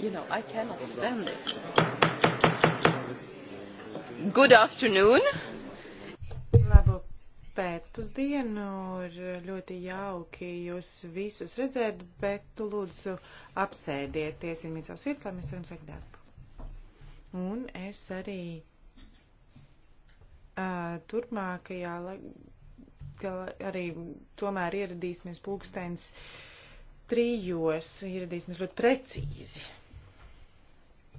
You know, I cannot stand this. Good afternoon. Labu pēcpusdienu ir ļoti jauki jūs visus redzēt, bet lūdzu apsēdieties, ņemiet savus vietas, lai mēs varam sākt darbu. Un es arī uh, turpmākajā, arī tomēr ieradīsimies pulkstens trijos, ieradīsimies ļoti precīzi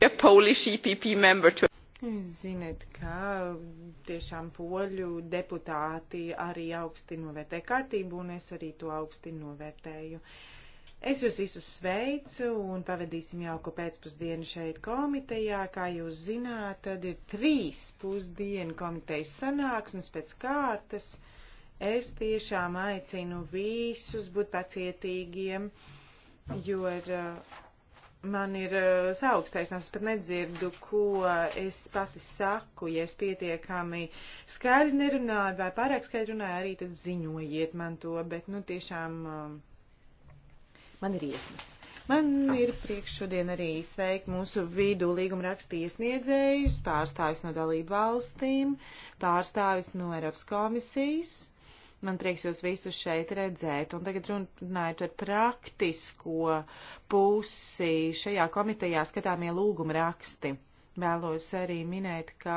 E Ziniet, ka tiešām poļu deputāti arī augsti novērtē kārtību, un es arī to augsti novērtēju. Es jūs visus sveicu un pavadīsim jauku pēcpusdienu šeit komitejā. Kā jūs zināt, tad ir trīs pusdienu komitejas sanāksmes pēc kārtas. Es tiešām aicinu visus būt pacietīgiem, jo ir. Uh, Man ir uh, saaugstēšanās, es pat nedzirdu, ko es pati saku. Ja es pietiekami skaidri nerunāju vai pārāk skaidri runāju, arī tad ziņojiet man to, bet, nu, tiešām uh, man ir iesmas. Man ir prieks šodien arī sveikt mūsu vidu līguma rakstiesniedzējus, pārstāvis no dalību valstīm, pārstāvis no Eiropas komisijas Man prieks jūs visus šeit redzēt. Un tagad runājot par praktisko pusi, šajā komitejā skatāmie lūguma raksti. Vēlos arī minēt, ka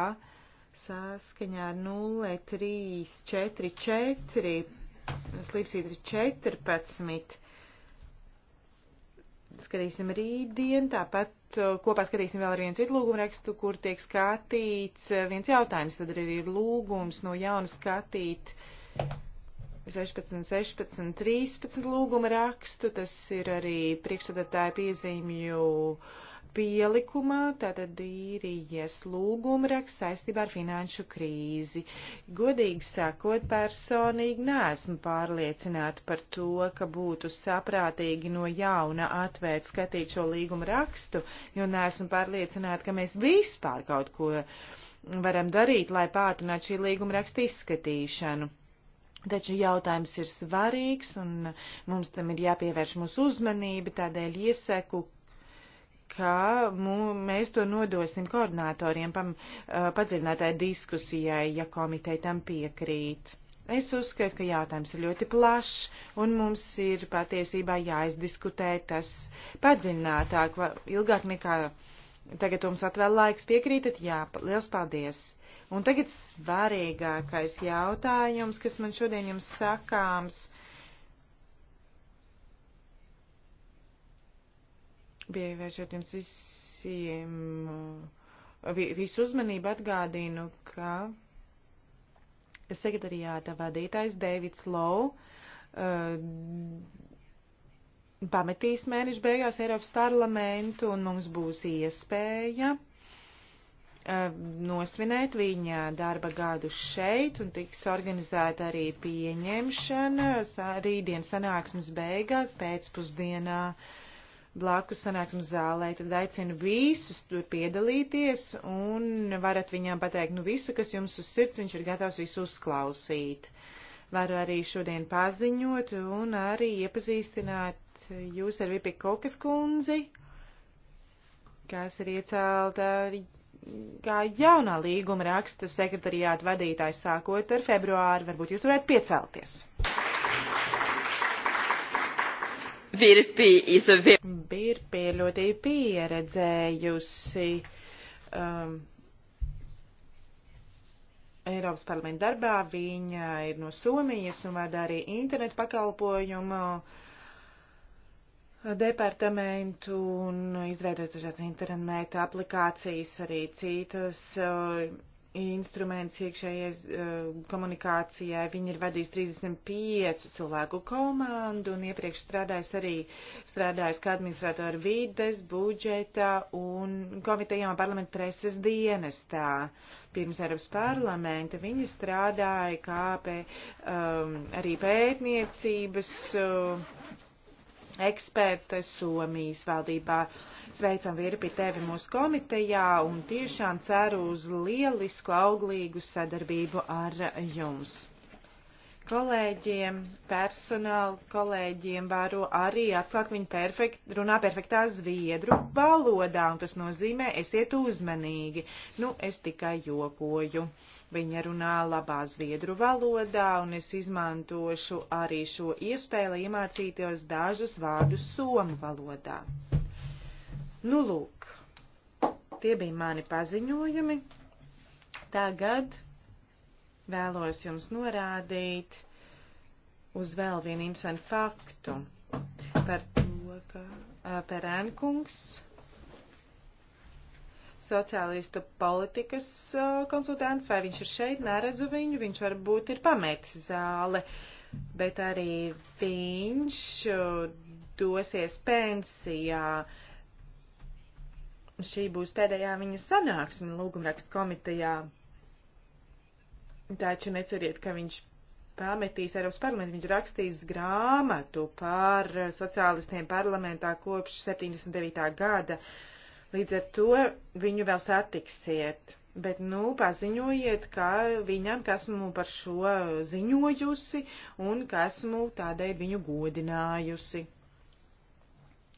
saskaņā ar 0344, slīpsīt 14, skatīsim rītdien, tāpat uh, kopā skatīsim vēl ar vienu citu lūgumu rakstu, kur tiek skatīts uh, viens jautājums, tad arī ir lūgums no jauna skatīt 16, 16, 13 lūguma rakstu, tas ir arī priekšsadatāja piezīmju pielikumā, tātad īrijas lūguma raksts saistībā ar finanšu krīzi. Godīgi sakot, personīgi neesmu pārliecināta par to, ka būtu saprātīgi no jauna atvērt skatīt šo līguma rakstu, jo neesmu pārliecināta, ka mēs vispār kaut ko varam darīt, lai pātrinātu šī līguma raksta izskatīšanu. Taču jautājums ir svarīgs, un mums tam ir jāpievērš mūsu uzmanība, tādēļ iesaku, ka mū, mēs to nodosim koordinatoriem pam, padziļinātai diskusijai, ja komiteja tam piekrīt. Es uzskatu, ka jautājums ir ļoti plašs, un mums ir patiesībā jāizdiskutē tas padziļinātāk, ilgāk nekā tagad mums atvēl laiks. Piekrītat? Jā, liels paldies! Un tagad svarīgākais jautājums, kas man šodien jums sakāms. Pievēršot jums visiem, visu uzmanību atgādinu, ka sekretariāta vadītājs Deivids Lou uh, pametīs mēnešu beigās Eiropas parlamentu un mums būs iespēja uh, Eh, nosvinēt viņa darba gadu šeit un tiks organizēta arī pieņemšana rītdien sanāksmes beigās pēcpusdienā blakus sanāksmes zālē. Tad aicinu visus tur piedalīties un varat viņām pateikt, nu visu, kas jums uz sirds, viņš ir gatavs visu uzklausīt. Varu arī šodien paziņot un arī iepazīstināt jūs ar Vipi Kokas kundzi, kas ir iecelta kā jaunā līguma raksta sekretariāta vadītājs sākot ar februāru. Varbūt jūs varētu piecelties. Virpī, Virpī ļoti pieredzējusi um, Eiropas parlamenta darbā. Viņa ir no Somijas un vada arī internetu pakalpojumu. Uh, departamentu un izveidojas dažādas interneta aplikācijas, arī citas uh, instruments iekšējais uh, komunikācijai. Viņi ir vadījis 35 cilvēku komandu un iepriekš strādājis arī strādājis kā administratori vides, budžeta un komitejām parlamenta preses dienestā. Pirms Eiropas parlamenta viņi strādāja kā pē, um, arī pētniecības. Uh, eksperte Somijas valdībā. Sveicam vīri pie tevi mūsu komitejā un tiešām ceru uz lielisku auglīgu sadarbību ar jums. Kolēģiem, personāla kolēģiem varu arī atklāt, ka viņi perfekt, runā perfektā zviedru valodā, un tas nozīmē, esiet uzmanīgi. Nu, es tikai jokoju. Viņa runā labā zviedru valodā, un es izmantošu arī šo iespēju, lai iemācītos dažus vārdus somu valodā. Nu, lūk, tie bija mani paziņojumi. Tagad vēlos jums norādīt uz vēl vienu interesantu faktu par to, ka eh, pērēnkungs sociālistu politikas uh, konsultants, vai viņš ir šeit, neredzu viņu, viņš varbūt ir pametis zāli, bet arī viņš uh, dosies pensijā. Šī būs pēdējā viņa sanāksme lūgumrakstu komitejā. Taču neceriet, ka viņš pametīs Eiropas parlamentu. Viņš rakstīs grāmatu par uh, sociālistiem parlamentā kopš 79. gada. Uh, Līdz ar to viņu vēl satiksiet. Bet, nu, paziņojiet, ka viņam, ka esmu par šo ziņojusi un ka esmu tādēļ viņu godinājusi.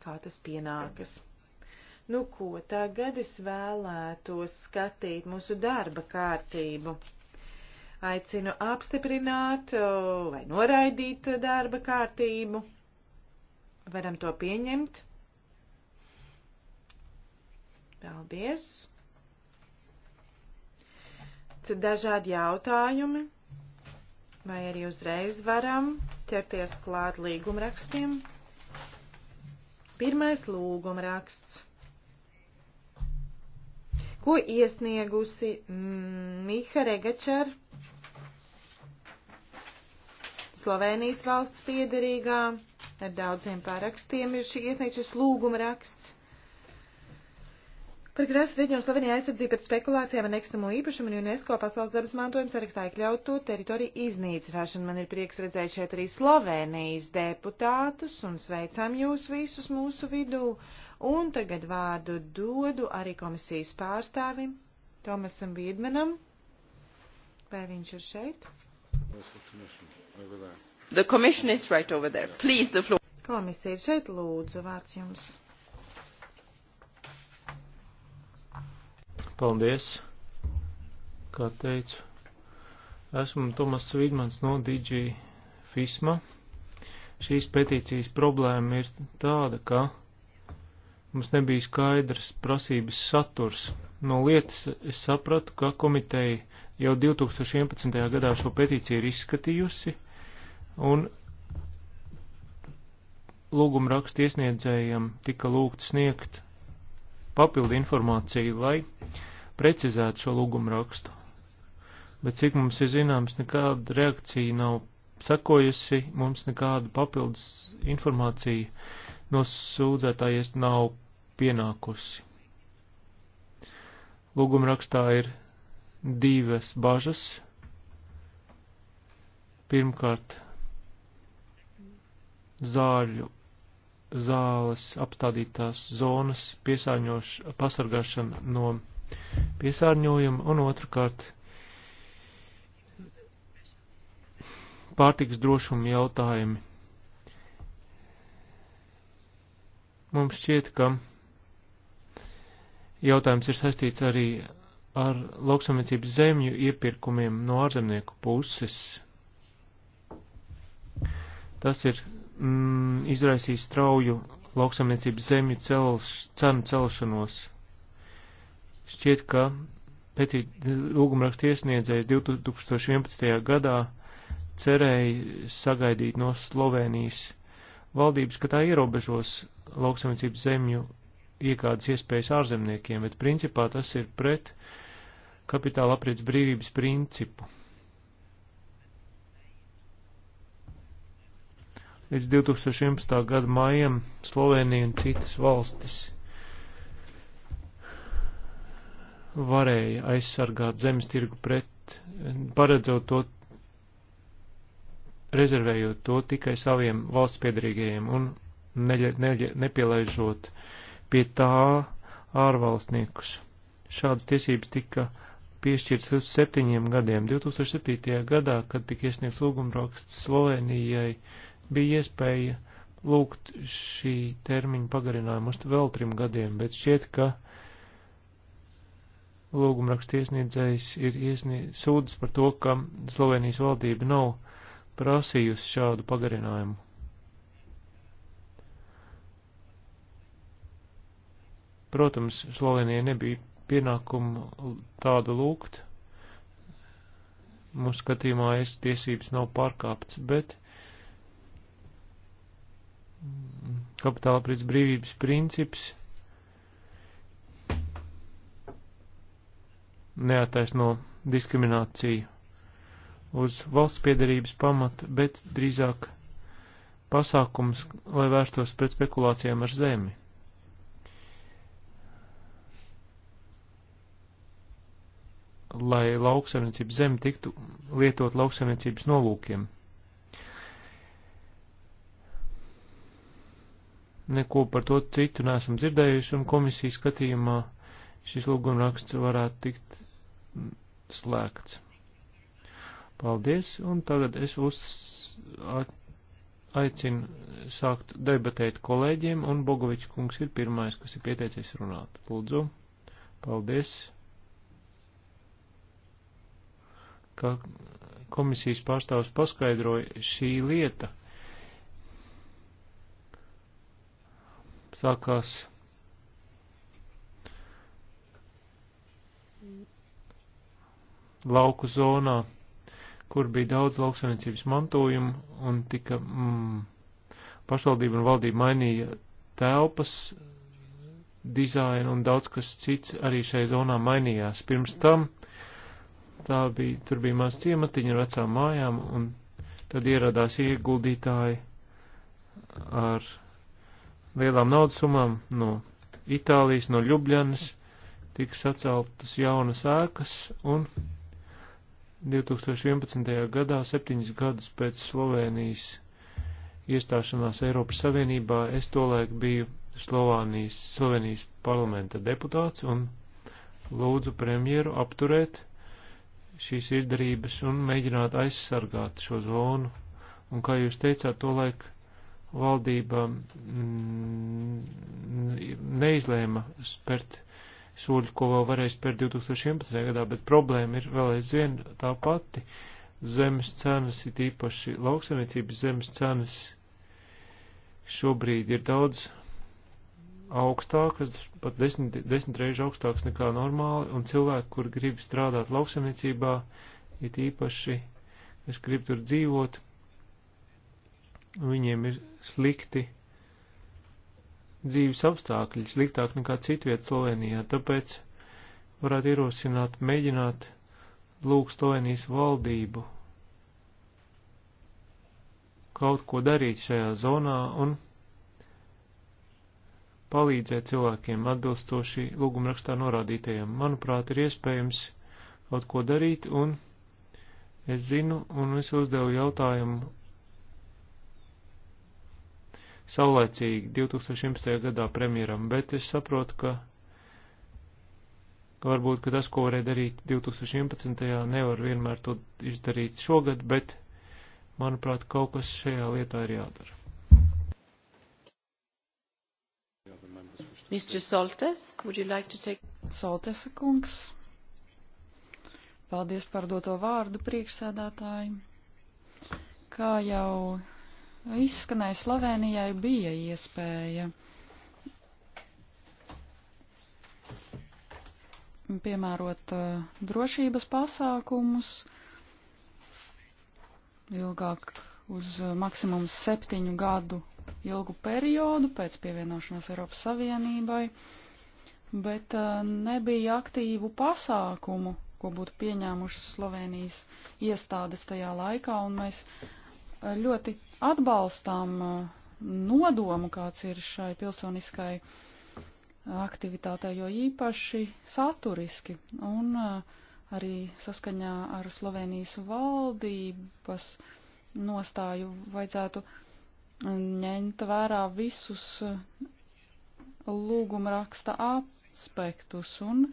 Kā tas pienākas. Nu, ko tagad es vēlētos skatīt mūsu darba kārtību. Aicinu apstiprināt vai noraidīt darba kārtību. Varam to pieņemt. Paldies! Tad dažādi jautājumi, vai arī uzreiz varam ķerties klāt līgumrakstiem. Pirmais lūgumraksts. Ko iesniegusi Miha Regačar, Slovenijas valsts piederīgā, ar daudziem parakstiem ir šī iesniegšanas lūgumraksts. Par Grāsas reģionu Slovenijā aizsardzību pret spekulācijām ar nekustamo īpašumu un UNESCO pasaules dabas mantojuma sarakstā iekļautu teritoriju iznīcināšanu. Man ir prieks redzēt šeit arī Slovenijas deputātus un sveicam jūs visus mūsu vidū. Un tagad vārdu dodu arī komisijas pārstāvim Tomasam Biedmanam. Vai viņš ir šeit? The commission is right over there. Please, the floor. Komisija ir šeit, lūdzu, vārds jums. Paldies, kā teicu. Esmu Tomas Vidmans no DG Fisma. Šīs petīcijas problēma ir tāda, ka mums nebija skaidrs prasības saturs. No lietas es sapratu, ka komiteja jau 2011. gadā šo petīciju ir izskatījusi, un lūguma rakstu iesniedzējiem tika lūgts sniegt papildu informāciju, lai precizētu šo lūgumu rakstu. Bet cik mums ir zināms, nekāda reakcija nav sakojusi, mums nekāda papildus informācija no sūdzētājies nav pienākusi. Lūguma rakstā ir divas bažas. Pirmkārt, zāļu zāles, apstādītās zonas, pasargāšana no piesārņojuma un otrkārt pārtiks drošuma jautājumi. Mums šķiet, ka jautājums ir saistīts arī ar lauksamniecības zemju iepirkumiem no ārzemnieku puses. Tas ir mm, izraisīs strauju lauksamniecības zemju celš, cenu celšanos. Šķiet, ka pēc lūgumraksta iesniedzējas 2011. gadā cerēja sagaidīt no Slovenijas valdības, ka tā ierobežos lauksamniecības zemju iekādas iespējas ārzemniekiem, bet principā tas ir pret kapitāla aprits brīvības principu. līdz 2011. gada maijam Slovenija un citas valstis varēja aizsargāt zemes tirgu pret, paredzot to, rezervējot to tikai saviem valsts piedarīgajiem un neļa, neļa, nepielaižot pie tā ārvalstniekus. Šādas tiesības tika piešķirts uz septiņiem gadiem. 2007. gadā, kad tika iesniegts lūgumraksts Slovenijai, uh, bija iespēja lūgt šī termiņa pagarinājumu uz vēl trim gadiem, bet šķiet, ka lūgumraksta iesniedzējs ir iesniedz, sūdzis par to, ka Slovenijas valdība nav prasījusi šādu pagarinājumu. Protams, Slovenijai nebija pienākumu tādu lūgt. Mūsu skatījumā es tiesības nav pārkāptas, bet kapitāla pēc brīvības princips neataisno diskrimināciju uz valsts piedarības pamata, bet drīzāk pasākums, lai vērstos pret spekulācijām ar zemi. Lai lauksaimniecības zemi tiktu lietot lauksaimniecības nolūkiem. neko par to citu nesam dzirdējuši, un komisijas skatījumā šis lūgumraksts varētu tikt slēgts. Paldies, un tagad es uz aicinu sākt debatēt kolēģiem, un Bogovičs kungs ir pirmais, kas ir pieteicies runāt. Lūdzu, paldies. Kā komisijas pārstāvs paskaidroja šī lieta sākās. lauku zonā, kur bija daudz lauksaimniecības mantojumu un tika mm, pašvaldība un valdība mainīja telpas dizainu un daudz kas cits arī šai zonā mainījās. Pirms tam tā bija, tur bija maz ciematiņa ar vecām mājām un tad ieradās ieguldītāji ar lielām naudasumām no Itālijas, no Ljubljanas tiks atceltas jaunas ēkas un 2011. gadā, septiņas gadus pēc Slovenijas iestāšanās Eiropas Savienībā, es tolaik biju Slovānijas, Slovenijas parlamenta deputāts un lūdzu premjeru apturēt šīs izdarības un mēģināt aizsargāt šo zonu. Un kā jūs teicāt, to laik valdība mm, neizlēma spērt soļu, ko vēl varēja spērt 2011. gadā, bet problēma ir vēl aizvien tā pati. Zemes cenas, it īpaši lauksamniecības zemes cenas, šobrīd ir daudz augstākas, pat desmit, desmit reizes augstākas nekā normāli, un cilvēki, kur grib strādāt lauksamniecībā, it īpaši, es gribu tur dzīvot, Viņiem ir slikti dzīves apstākļi, sliktāk nekā citviet Slovenijā, tāpēc varētu ierosināt, mēģināt lūgt Slovenijas valdību kaut ko darīt šajā zonā un palīdzēt cilvēkiem atbilstoši lūgumrakstā norādītajiem. Manuprāt, ir iespējams kaut ko darīt, un es zinu, un es uzdevu jautājumu saulēcīgi 2011. gadā premjeram, bet es saprotu, ka varbūt, ka tas, ko varēja darīt 2011. nevar vienmēr to izdarīt šogad, bet, manuprāt, kaut kas šajā lietā ir jādara. Mr. Soltes, would you like to take... Soltes kungs, paldies par doto vārdu priekšsēdātāji. Kā jau izskanēja, Slovenijai bija iespēja. piemērot uh, drošības pasākumus ilgāk uz uh, maksimums septiņu gadu ilgu periodu pēc pievienošanās Eiropas Savienībai, bet uh, nebija aktīvu pasākumu, ko būtu pieņēmušas Slovenijas iestādes tajā laikā, un mēs ļoti atbalstām uh, nodomu, kāds ir šai pilsoniskai aktivitātei, jo īpaši saturiski un uh, arī saskaņā ar Slovenijas valdības nostāju vajadzētu ņemt vērā visus uh, lūguma raksta aspektus un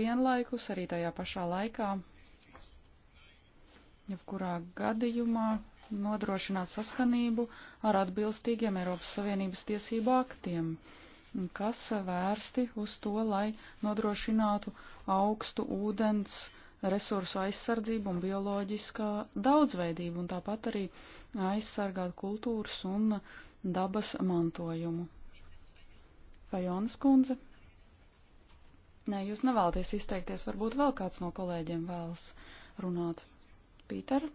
vienlaikus arī tajā pašā laikā, jebkurā gadījumā, nodrošināt saskanību ar atbilstīgiem Eiropas Savienības tiesību aktiem, kas vērsti uz to, lai nodrošinātu augstu ūdens resursu aizsardzību un bioloģiskā daudzveidību, un tāpat arī aizsargāt kultūras un dabas mantojumu. Fajonas kundze. Nē, jūs nevēlaties izteikties, varbūt vēl kāds no kolēģiem vēlas runāt. Pīter?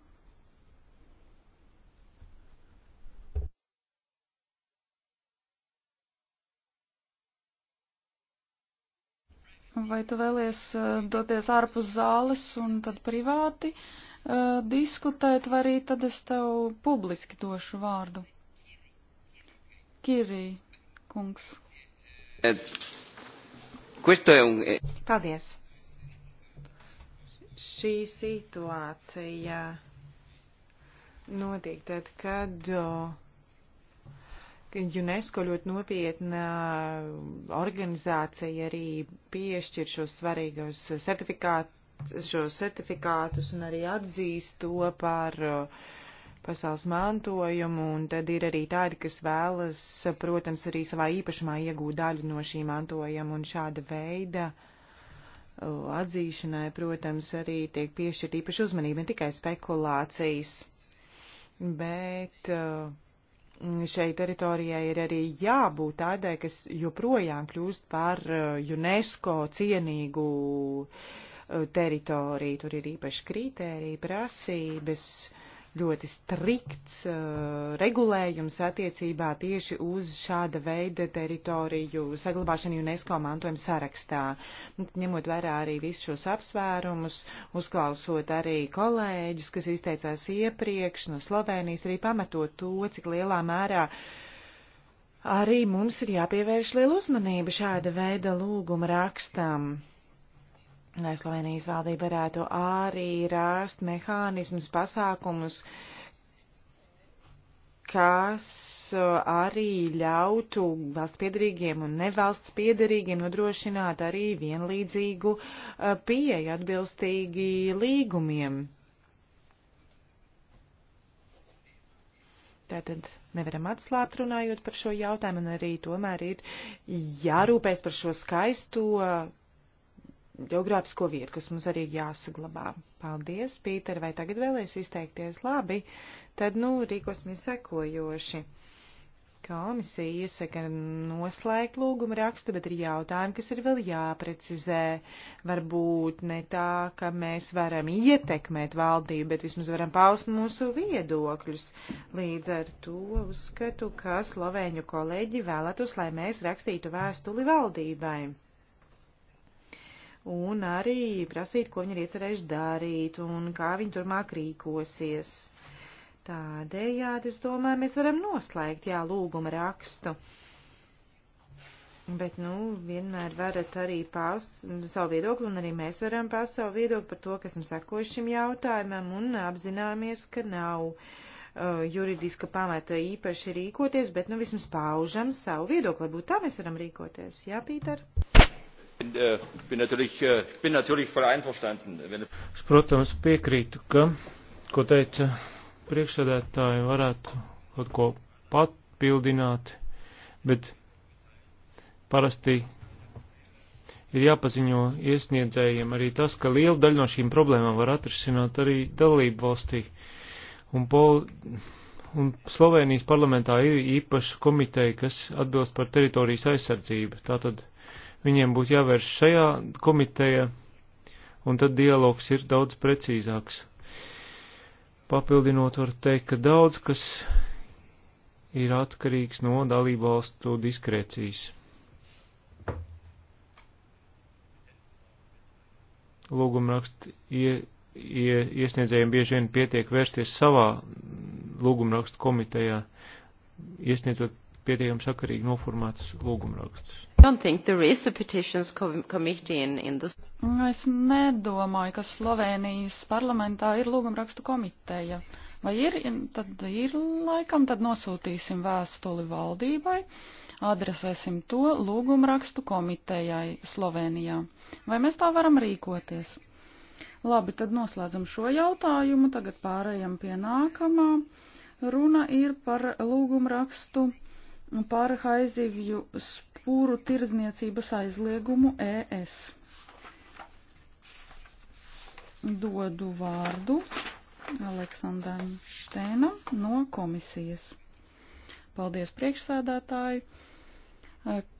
Vai tu vēlies eh, doties ārpus zāles un tad privāti uh, diskutēt, vai arī tad es tev publiski došu vārdu? Kirī, kungs. Eh, Paldies. Šī situācija notiek tad, kad. Uh, UNESCO ļoti nopietna uh, organizācija arī piešķir šos svarīgos certifikātus, šos certifikātus un arī atzīst to par uh, pasaules mantojumu, un tad ir arī tādi, kas vēlas, protams, arī savā īpašumā iegūt daļu no šī mantojuma, un šāda veida uh, atzīšanai, protams, arī tiek piešķirt īpaši uzmanība, ne tikai spekulācijas, bet uh, šai teritorijai ir arī jābūt tādai, kas joprojām kļūst par eh, UNESCO cienīgu eh, teritoriju. Tur ir īpaši kritērija, prasības. Uh, ļoti strikts uh, regulējums attiecībā tieši uz šāda veida teritoriju saglabāšanu UNESCO mantojuma sarakstā. Ņemot vērā arī visus šos apsvērumus, uzklausot arī kolēģus, kas izteicās iepriekš no Slovenijas, arī pamatot to, cik lielā mērā arī mums ir jāpievērš liela uzmanība šāda veida lūguma rakstam lai Slovenijas valdība varētu arī rast mehānismus, pasākumus, kas uh, arī ļautu valsts piedarīgiem un nevalsts piedarīgiem nodrošināt arī vienlīdzīgu uh, pieeju atbilstīgi līgumiem. Tātad nevaram atslābt runājot par šo jautājumu, un arī tomēr ir jārūpēs par šo skaisto geogrāfisko vietu, kas mums arī jāsaglabā. Paldies, Pīter, vai tagad vēlēs izteikties labi? Tad, nu, rīkosimies sekojoši. Komisija iesaka noslēgt lūgumu rakstu, bet ir jautājumi, kas ir vēl jāprecizē. Varbūt ne tā, ka mēs varam ietekmēt valdību, bet vismaz varam paust mūsu viedokļus. Līdz ar to uzskatu, ka slovēņu kolēģi vēlētos, lai mēs rakstītu vēstuli valdībai un arī prasīt, ko viņi ir iecerējuši darīt un kā viņi turmāk rīkosies. Tādējādi, es domāju, mēs varam noslēgt, jā, lūguma rakstu. Bet, nu, vienmēr varat arī paust savu viedokli, un arī mēs varam paust savu viedokli par to, kas mums sekoši šim jautājumam, un apzināmies, ka nav uh, juridiska pamata īpaši rīkoties, bet, nu, vismaz paužam savu viedokli, būtu tā mēs varam rīkoties. Jā, Pīter? Äh, äh, es, protams, piekrītu, ka, ko teica priekšsēdētāji, varētu kaut ko papildināt, bet parasti ir jāpaziņo iesniedzējiem arī tas, ka liela daļa no šīm problēmām var atrisināt arī dalību valstī. Un, Pol un Slovenijas parlamentā ir īpaša komiteja, kas atbilst par teritorijas aizsardzību. Tātad Viņiem būtu jāvērš šajā komiteja, un tad dialogs ir daudz precīzāks. Papildinot, var teikt, ka daudz kas ir atkarīgs no dalību valstu diskrēcijas. Lūgumrakst ie, ie, iesniedzējiem bieži vien pietiek vērsties savā lūgumrakstu komitejā, iesniedzot pietiekami sakarīgi noformētus lūgumrakstus. Es nedomāju, ka Slovenijas parlamentā ir lūgumrakstu komiteja. Vai ir, tad ir laikam, tad nosūtīsim vēstuli valdībai, adresēsim to lūgumrakstu komitejai Slovenijā. Vai mēs tā varam rīkoties? Labi, tad noslēdzam šo jautājumu, tagad pārējam pie nākamā. Runa ir par lūgumrakstu par haizivju spēku upuru tirzniecības aizliegumu ES. Dodu vārdu Aleksandram Štēnam no komisijas. Paldies priekšsēdētāji!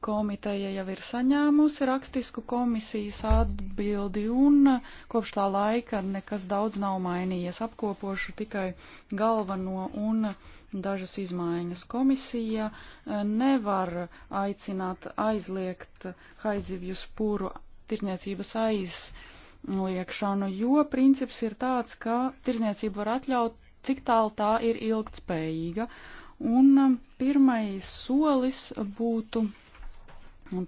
komiteja jau ir saņēmusi rakstisku komisijas atbildi un kopš tā laika nekas daudz nav mainījies. Apkopošu tikai galveno un dažas izmaiņas. Komisija eh, nevar aicināt aizliegt haizivju spūru tirniecības aizliekšanu, jo princips ir tāds, ka tirniecība var atļaut, cik tālu tā ir ilgtspējīga. Un eh, pirmais solis būtu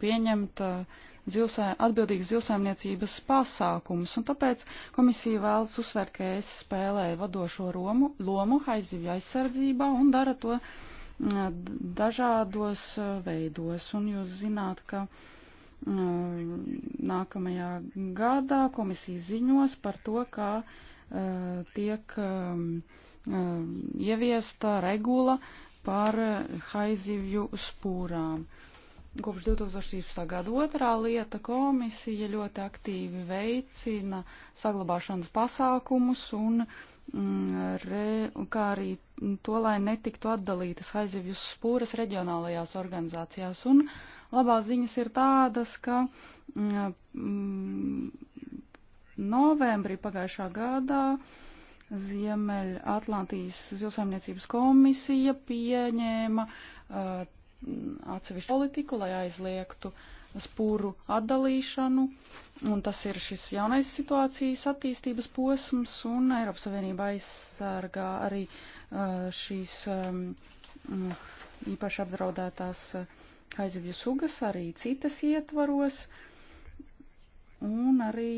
pieņemt uh, zilsē, atbildīgas zilsaimniecības pasākumus, un tāpēc komisija vēlas uzsvērt, ka es spēlēju vadošo romu, lomu aizivju aizsardzībā un dara to mm, dažādos eh, veidos. Un jūs zināt, ka mm, nākamajā gadā komisija ziņos par to, kā eh, tiek mm, eh, ieviesta regula par haizivju spūrām. Uh, Kopš 2016. gada otrā lieta komisija ļoti aktīvi veicina saglabāšanas pasākumus un, mm, re, kā arī to, lai netiktu atdalītas aizivju spūras reģionālajās organizācijās. Un labās ziņas ir tādas, ka mm, novembrī pagājušā gadā Ziemeļa Atlantijas zilsaimniecības komisija pieņēma uh, atsevišķu politiku, lai aizliegtu spūru atdalīšanu, un tas ir šis jaunais situācijas attīstības posms, un Eiropas Savienība aizsargā arī uh, šīs um, mm, īpaši apdraudētās uh, aizivju sugas, arī citas ietvaros, un arī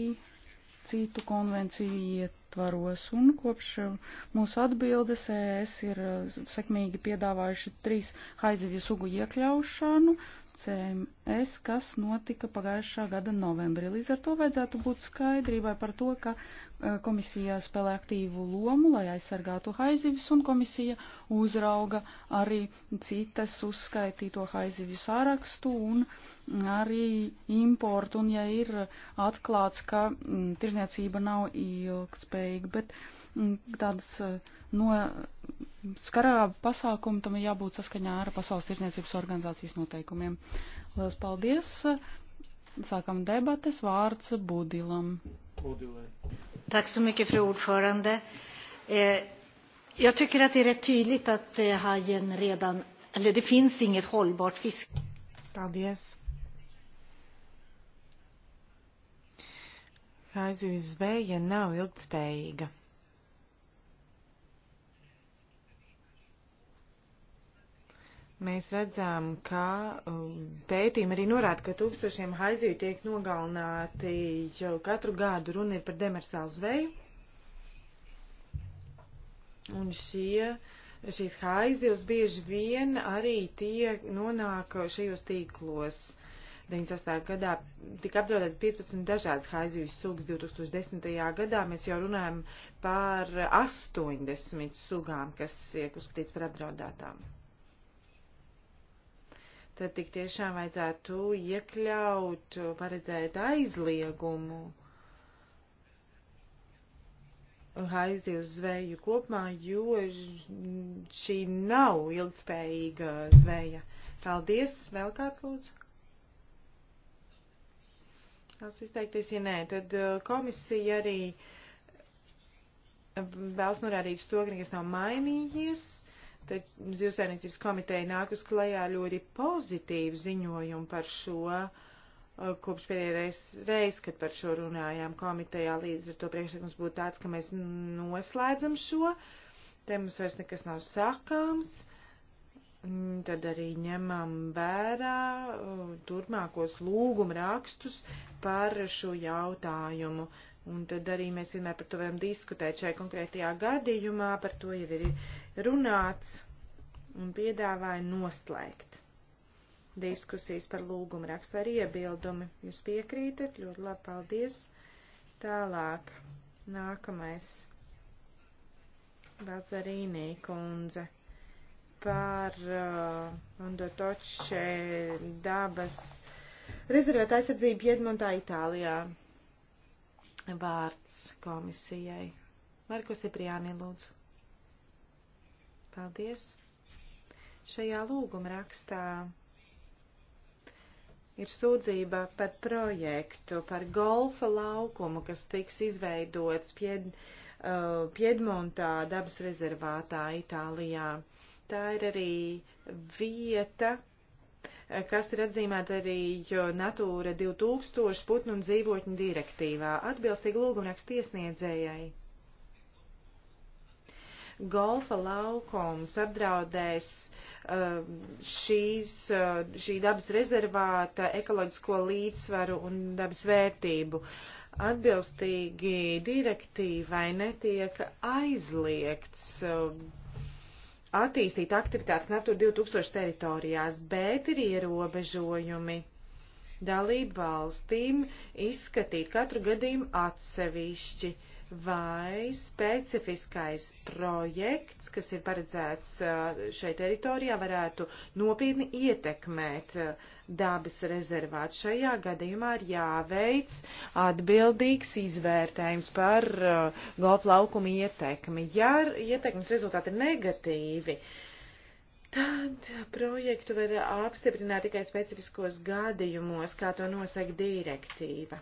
citu konvenciju ietvaros ietvaros, un kopš uh, mūsu atbildes ES ir uh, sekmīgi piedāvājuši trīs haizivju sugu iekļaušanu, CMS, kas notika pagājušā gada novembrī. Līdz ar to vajadzētu būt skaidrībai par to, ka eh, komisija spēlē aktīvu lomu, lai aizsargātu haizivis, un komisija uzrauga arī citas uzskaitīto haizivju sārakstu un arī importu, un ja ir atklāts, ka mm, tirzniecība nav ilgspējīga, bet tādas eh, no skarā pasākuma tam ir jābūt saskaņā ar Pasaules tirsniecības organizācijas noteikumiem. Lielas paldies! Sākam debates. Vārds Budilam. Budilai. Tack så mycket, fru ordförande. Eh, jag tycker att det är rätt tydligt att eh, hajen redan, eller det finns inget hållbart fisk. Paldies. Haizivju zveja nav ilgtspējīga. Mēs redzam, ka um, pētījumi arī norāda, ka tūkstošiem haiziju tiek nogalināti jau katru gadu. Runa ir par demersālu zveju. Un šie, šīs haizivs bieži vien arī tiek nonāk šajos tīklos. 98. gadā tika apdraudēt 15 dažādas haizivju sugas, 2010. gadā mēs jau runājam par 80 sugām, kas tiek uzskatīts par apdraudētām tad tik tiešām vajadzētu iekļaut, paredzēt aizliegumu haizi uz zveju kopumā, jo šī nav ilgspējīga zveja. Paldies! Vēl kāds lūdzu? Vēlas izteikties, ja nē, tad uh, komisija arī vēlas norādīt to, ka nekas nav mainījies Te zivsainīcības komiteja nāk uz klajā ļoti pozitīvu ziņojumu par šo, uh, kopš pēdējais reiz, kad par šo runājām komitejā, līdz ar to priekšlikums būtu tāds, ka mēs noslēdzam šo, te mums vairs nekas nav sakāms, mm, tad arī ņemam vērā uh, turpmākos lūguma rakstus par šo jautājumu. Uh, Un tad arī mēs vienmēr par to varam diskutēt. Šai konkrētajā gadījumā par to jau ir runāts un piedāvāja noslēgt diskusijas par lūgumu rakstu ar iebildumi. Jūs piekrītat? Ļoti labi, paldies. Tālāk. Nākamais. Balzarīnī kundze par uh, Andotoče dabas rezervēta aizsardzību Piedmontā, Itālijā. Vārds komisijai. Marko Sipriāni, lūdzu. Paldies. Šajā lūguma rakstā ir sūdzība par projektu, par golfa laukumu, kas tiks izveidots Pied, uh, Piedmontā dabas rezervātā Itālijā. Tā ir arī vieta, kas ir atzīmēta arī Natūra 2000 putnu un dzīvotņu direktīvā, atbilstīgi lūgumrakstu iesniedzējai. Golfa laukums apdraudēs uh, šīs, uh, šī dabas rezervāta ekoloģisko līdzsvaru un dabas vērtību. Atbilstīgi direktīvai netiek aizliegts uh, attīstīt aktivitātes Natura 2000 teritorijās, bet ir ierobežojumi dalību valstīm izskatīt katru gadījumu atsevišķi. Uh, vai specifiskais projekts, kas ir paredzēts uh, šai teritorijā, varētu nopietni ietekmēt uh, dabas rezervātu. Šajā gadījumā ir jāveic atbildīgs izvērtējums par uh, golf laukumu ietekmi. Ja ietekmes rezultāti ir negatīvi, Tad projektu var apstiprināt tikai specifiskos gadījumos, kā to nosaka direktīva.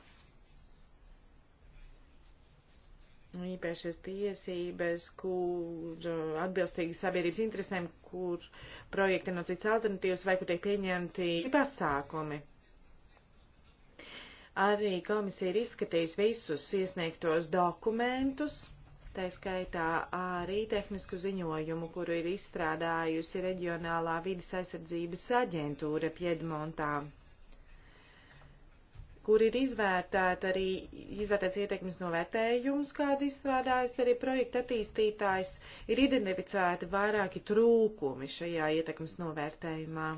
īpašas tiesības, kur uh, atbilstīgi sabiedrības interesēm, kur projekti no citas alternatīvas vai kur tiek pieņemti pasākumi. Arī komisija ir izskatījusi visus iesniegtos dokumentus, tā skaitā arī tehnisku ziņojumu, kuru ir izstrādājusi Reģionālā vidas aizsardzības aģentūra Piedmontā kur ir izvērtēta arī izvērtēts ietekmes novērtējums, kādu izstrādājas arī projekta attīstītājs, ir identificēti vairāki trūkumi šajā ietekmes novērtējumā.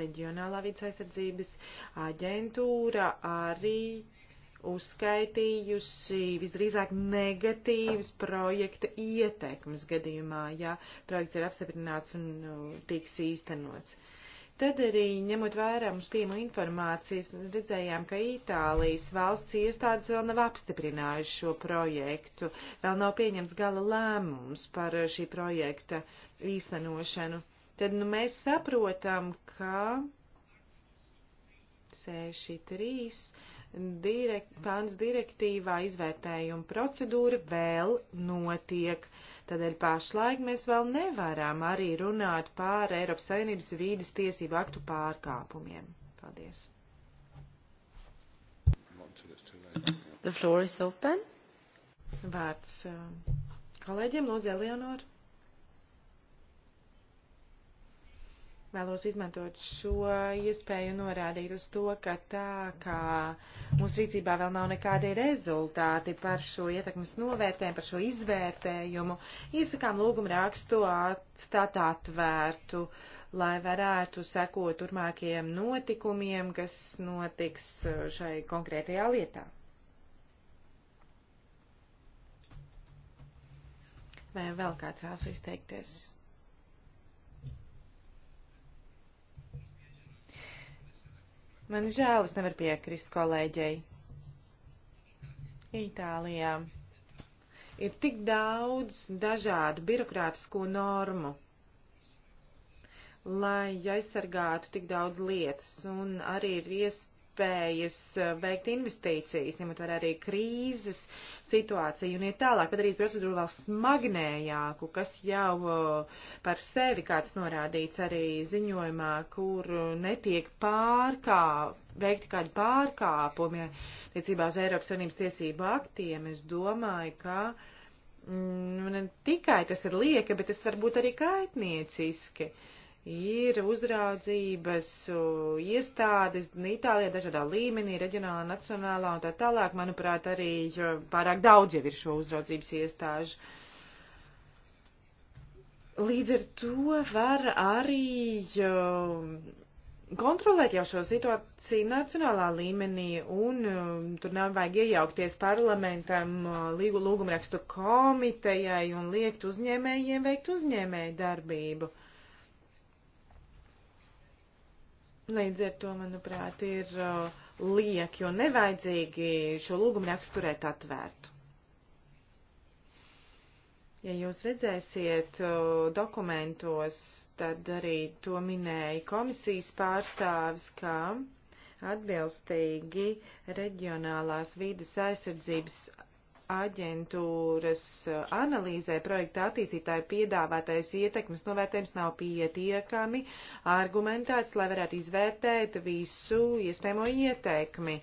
Reģionālā vidas aizsardzības aģentūra arī uzskaitījusi visdrīzāk negatīvas projekta ietekmes gadījumā, ja projekts ir apstiprināts un uh, tiks īstenots. Uh, Tad arī ņemot vērā mums pieejamo informācijas, redzējām, ka Itālijas valsts iestādes vēl nav apstiprinājuši šo projektu, vēl nav pieņemts gala lēmums par šī projekta īstenošanu. Tad nu, mēs saprotam, ka 63 direkt, pāns direktīvā izvērtējuma procedūra vēl notiek. Uh, Tādēļ pašlaik mēs vēl nevaram arī runāt pār Eiropas Savienības vīdes tiesību aktu pārkāpumiem. Paldies. The floor is open. Vārds uh, kolēģiem, lūdzu, Eleonora. Vēlos izmantot šo iespēju norādīt uz to, ka tā kā mūsu rīcībā vēl nav nekādi rezultāti par šo ietekmes novērtējumu, par šo izvērtējumu, iesakām lūgumu rakstu atstāt atvērtu, lai varētu sekot turmākajiem notikumiem, kas notiks šai konkrētajā lietā. Vai vēl kāds vēlas izteikties? Yes. Man žēl, es nevaru piekrist kolēģei. Itālijā ir tik daudz dažādu birokrātisko normu, lai aizsargātu tik daudz lietas, un arī ir iespēja iespējas eh, veikt investīcijas, ņemot vērā arī krīzes situāciju un iet tālāk, padarīt procedūru vēl smagnējāku, kas jau eh, par sevi kāds norādīts arī ziņojumā, kur netiek pārkā, veikti kādi pārkāpumi, tiecībā uz Eiropas Savienības tiesību aktiem. Es domāju, ka. Mm, nu, ne tikai tas ir lieka, bet tas var būt arī kaitnieciski. Uh, ir uzraudzības iestādes Itālijā dažādā līmenī, reģionālā, nacionālā un tā tālāk. Manuprāt, arī pārāk daudz jau ir šo uzraudzības iestāžu. Līdz ar to var arī kontrolēt jau šo situāciju nacionālā līmenī, un tur nav vajag iejaukties parlamentam, līgumrakstu komitejai un liekt uzņēmējiem veikt uzņēmēju darbību. Līdz ar to, manuprāt, ir uh, lieki un nevajadzīgi šo lūgumu raksturēt atvērtu. Ja jūs redzēsiet uh, dokumentos, tad arī to minēja komisijas pārstāvis, ka atbilstīgi reģionālās vīdes aizsardzības aģentūras eh, analīzē projekta attīstītāja piedāvātais ietekmes novērtējums nav pietiekami argumentēts, lai varētu izvērtēt visu iespējamo ietekmi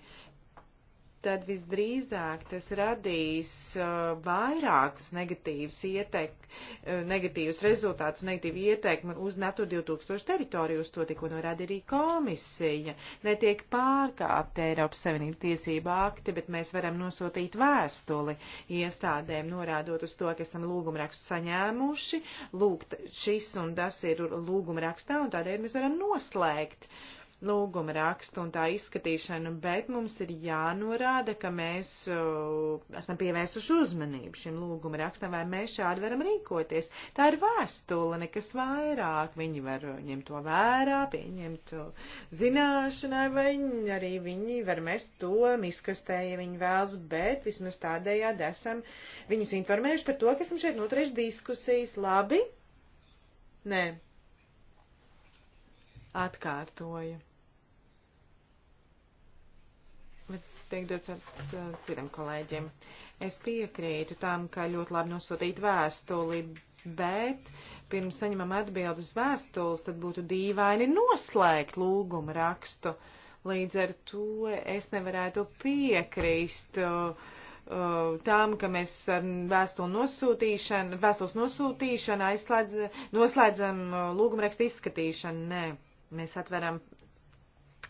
tad visdrīzāk tas radīs uh, vairākus negatīvus ietek, uh, negatīvus rezultātus, negatīvu ietekmi uz NATO 2000 teritoriju, uz to tikko norāda arī komisija. Netiek pārkāpta Eiropas Savienība tiesība akti, bet mēs varam nosūtīt vēstuli iestādēm, norādot uz to, ka esam lūgumrakstu saņēmuši, lūgt šis un tas ir lūgumrakstā, un tādēļ mēs varam noslēgt. Uh, lūguma rakstu un tā izskatīšanu, bet mums ir jānorāda, ka mēs uh, esam pievērsuši uzmanību šim lūguma rakstam, vai mēs šādi varam rīkoties. Tā ir vēstule, nekas vairāk. Viņi var ņemt to vērā, pieņemt uh, zināšanai, vai arī viņi var mest to miskastē, ja viņi vēlas, bet vismaz tādējādi esam viņus informējuši par to, ka esam šeit noturējuši diskusijas. Labi? Nē. Atkārtoju. tiek dots citiem kolēģiem. Es piekrītu tam, ka ļoti labi nosūtīt vēstuli, bet pirms saņemam atbildi uz vēstules, tad būtu dīvaini noslēgt lūgumu rakstu. Līdz ar to es nevarētu piekrīst uh, uh tām, ka mēs ar vēstuli nosūtīšanu, vēstules nosūtīšanu aizslēdz, noslēdzam uh, lūgumu rakstu izskatīšanu. Nē, mēs atveram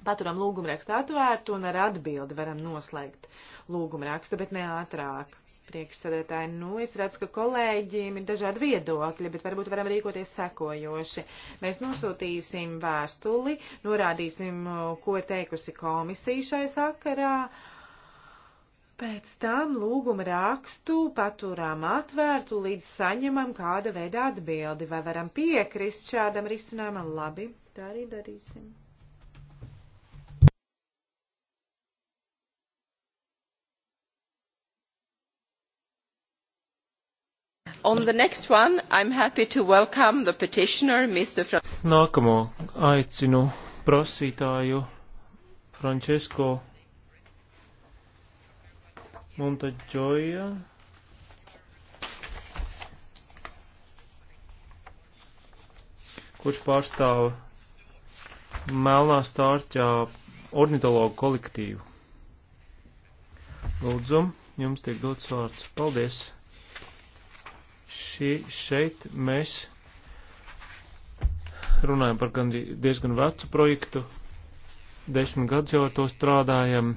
Paturam lūgumrakstu atvērtu un ar atbildi varam noslēgt lūgumrakstu, bet ne ātrāk. Priekšsēdētāji, nu, es redzu, ka kolēģiem ir dažādi viedokļi, bet varbūt varam rīkoties sekojoši. Mēs nosūtīsim vēstuli, norādīsim, ko ir teikusi komisija šai sakarā. Pēc tam lūguma rakstu paturām atvērtu, līdz saņemam kāda veida atbildi, vai varam piekrist šādam risinājumam. Labi, tā arī darīsim. On the next one, I'm happy to welcome the petitioner, Mr. Fra Nākamo aicinu prasītāju Francesco Montaggioia. kurš pārstāv Melnā stārķā ornitologu kolektīvu. Lūdzu, jums tiek dots vārds. Paldies! Šī, šeit mēs runājam par gan diezgan vecu projektu, desmit gadus jau ar to strādājam.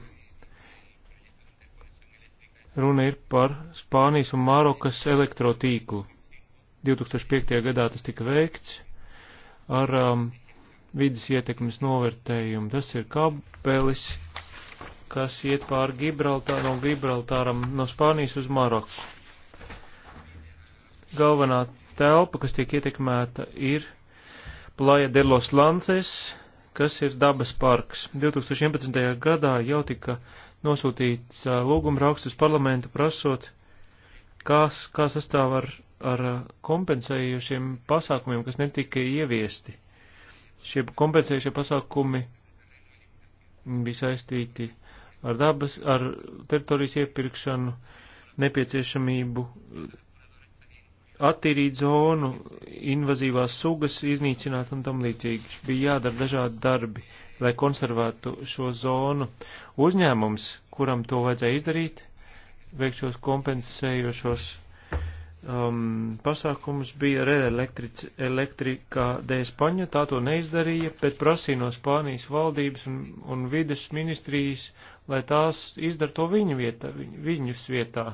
Runa ir par Spānijas un Mārokas elektrotīklu. 2005. gadā tas tika veikts ar um, vidas ietekmes novērtējumu. Tas ir kabelis, kas iet pāri Gibraltāram, no Gibraltāram, no Spānijas uz Maroku. Galvenā telpa, kas tiek ietekmēta, ir Playa de los Lances, kas ir dabas parks. 2011. gadā jau tika nosūtīts lūguma raksts uz parlamentu prasot, kās, kā sastāv ar, ar kompensējušiem pasākumiem, kas netika ieviesti. Šie kompensējušie pasākumi bija saistīti ar dabas, ar teritorijas iepirkšanu, nepieciešamību attīrīt zonu, invazīvās sugas iznīcināt un tam līdzīgi. Bija jādara dažādi darbi, lai konservētu šo zonu. Uzņēmums, kuram to vajadzēja izdarīt, veikt šos kompensējošos um, pasākumus, bija Reelektrika de Espaņa, tā to neizdarīja, bet prasīja no Spānijas valdības un, un vides ministrijas, lai tās izdara to viņu vietā, viņu, viņus vietā,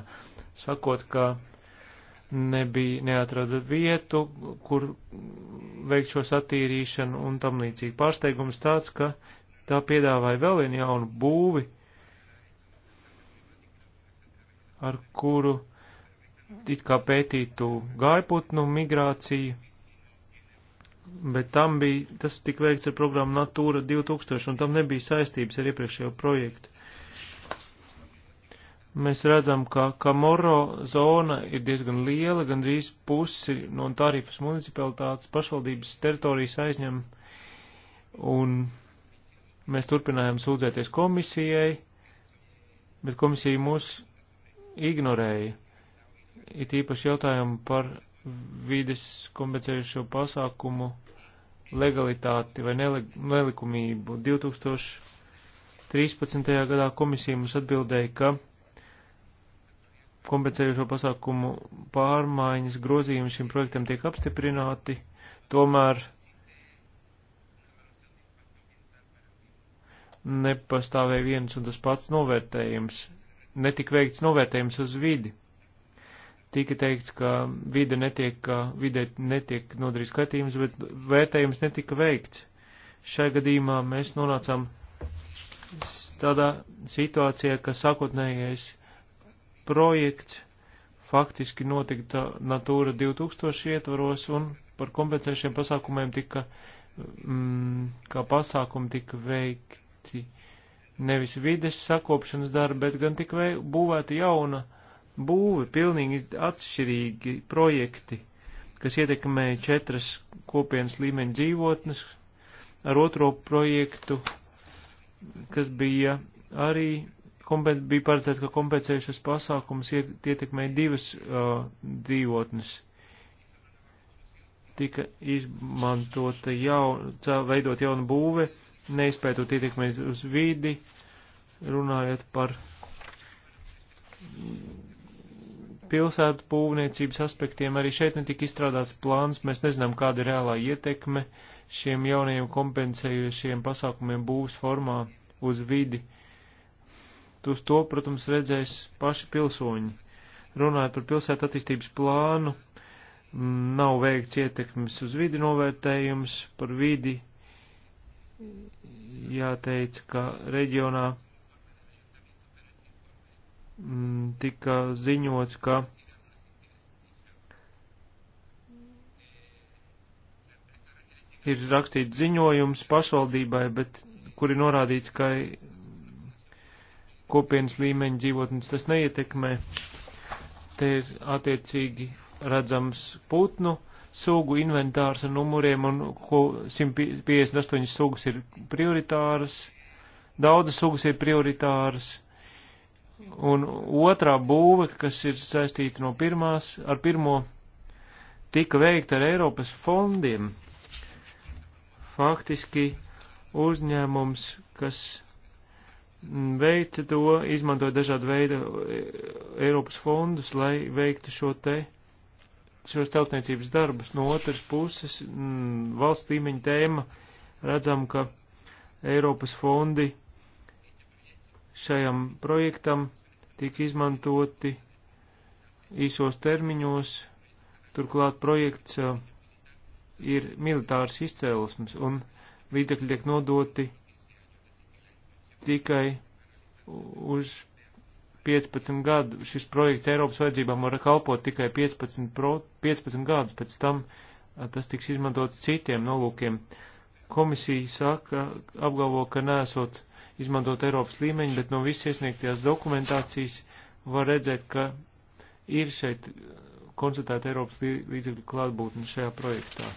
sakot, ka nebija, neatrada vietu, kur veikt šo satīrīšanu un tam līdzīgi. Pārsteigums tāds, ka tā piedāvāja vēl vienu jaunu būvi, ar kuru it kā pētītu gaiputnu migrāciju, bet tam bija, tas tika veikts ar programmu Natūra 2000, un tam nebija saistības ar iepriekšējo projektu mēs redzam, ka Kamoro zona ir diezgan liela, gandrīz pusi no tarifas municipalitātes pašvaldības teritorijas aizņem, un mēs turpinājām sūdzēties komisijai, bet komisija mūs ignorēja. It īpaši jautājumu par vides kompensējušo pasākumu legalitāti vai nelikumību. 2013. gadā komisija mums atbildēja, ka kompensējušo pasākumu pārmaiņas grozījumi šim projektam tiek apstiprināti, tomēr nepastāvēja viens un tas pats novērtējums, netika veikts novērtējums uz vidi. Tika teikts, ka vide netiek, ka vidē netiek nodarīts skatījums, bet vērtējums netika veikts. Šai gadījumā mēs nonācām tādā situācijā, ka sākotnējais projekts faktiski notika Natūra 2000 ietvaros un par kompensējušiem pasākumiem tika, mm, kā pasākumi tika veikti nevis vides sakopšanas darbi, bet gan tika būvēta jauna būve, pilnīgi atšķirīgi projekti, kas ietekmēja četras kopienas līmeņa dzīvotnes ar otro projektu, kas bija arī kompet, bija paredzēts, ka kompensējušas pasākums ietekmē divas uh, dzīvotnes. Tika izmantota jau, cā, veidot jaunu būve, neizpētot ietekmē uz vidi, runājot par pilsētu būvniecības aspektiem. Arī šeit netika izstrādāts plāns, mēs nezinām, kāda ir reālā ietekme šiem jaunajiem kompensējušiem pasākumiem būvs formā uz vidi. Uh, Uz to, protams, redzēs paši pilsoņi. Runājot par pilsētu attīstības plānu, nav veikts ietekmes uz vidi novērtējums par vidi. Jāteic, ka reģionā tika ziņots, ka ir rakstīts ziņojums pašvaldībai, bet kuri norādīts, ka kopienas līmeņa dzīvotnes tas neietekmē. Te ir attiecīgi redzams putnu sugu inventārs ar numuriem, un 158 sugas ir prioritāras, daudzas sugas ir prioritāras, un otrā būve, kas ir saistīta no pirmās, ar pirmo, tika veikta ar Eiropas fondiem. Faktiski uzņēmums, kas veica to, izmantoja dažādu veidu e, Eiropas fondus, lai veiktu šo te, šos celtniecības darbus. No otras puses, m, mm, valsts līmeņa tēma, redzam, ka Eiropas fondi šajam projektam tika izmantoti īsos termiņos, turklāt projekts e, ir militārs izcēlesmes un līdzekļi tiek nodoti tikai uz 15 gadu. Šis projekts Eiropas vajadzībām var kalpot tikai 15, pro, 15 gadus, pēc tam tas tiks izmantots citiem nolūkiem. Komisija saka, apgalvo, ka nesot izmantot Eiropas līmeņu, bet no visas iesniegtajās dokumentācijas var redzēt, ka ir šeit konstatēta Eiropas līdzekļu klātbūtne šajā projektā.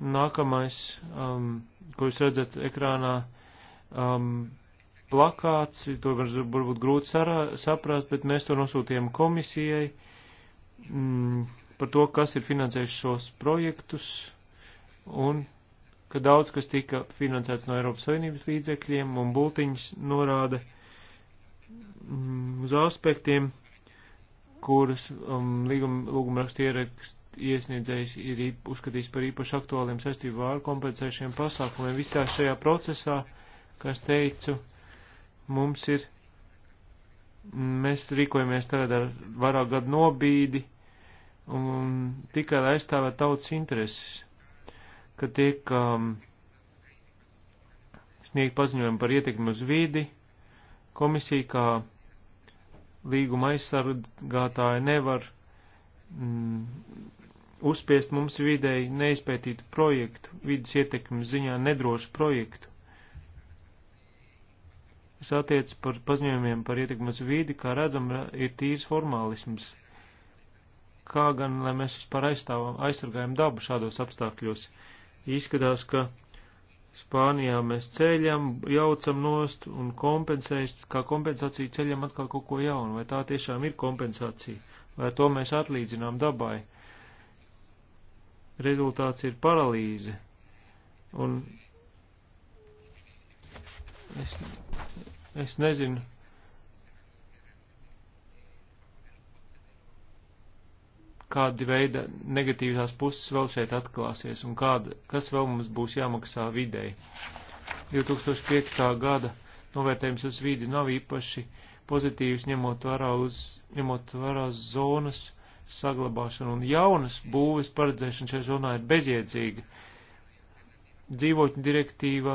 Nākamais, um, ko jūs redzat ekrānā, um, plakāts, to var varbūt grūti sarā, saprast, bet mēs to nosūtījām komisijai mm, par to, kas ir finansējis šos projektus un ka daudz kas tika finansēts no Eiropas Savienības līdzekļiem un bultiņas norāda mm, uz aspektiem, kuras um, līguma, lūguma raksta ierakst iesniedzējs ir uzskatījis par īpaši aktuāliem saistībā ar kompensējušiem pasākumiem. Visā šajā procesā, kas teicu, mums ir, mēs rīkojamies tagad ar vairāk gadu nobīdi un tikai lai aizstāvētu tautas intereses, ka tiek um, sniegt paziņojumi par ietekmi uz vidi, komisija kā līguma aizsargātāja nevar mm, uzspiest mums vidēji neizpētītu projektu, vidas ietekmes ziņā nedrošu projektu. Es attiecu par paziņojumiem par ietekmes vīdi, kā redzam, ir tīrs formālisms. Kā gan, lai mēs vispār aizstāvam, aizsargājam dabu šādos apstākļos? Izskatās, ka Spānijā mēs ceļam, jaucam nost un kompensējas, kā kompensācija ceļam atkal kaut ko jaunu, vai tā tiešām ir kompensācija, vai to mēs atlīdzinām dabai rezultāts ir paralīze. Un es, es nezinu. kāda veida negatīvās puses vēl šeit atklāsies un kāda, kas vēl mums būs jāmaksā videi. 2005. gada novērtējums uz vidi nav īpaši pozitīvs, ņemot vērā, uz, ņemot vērā zonas saglabāšana un jaunas būves paredzēšana šajā zonā ir bezjēdzīga. Dzīvotņu direktīva,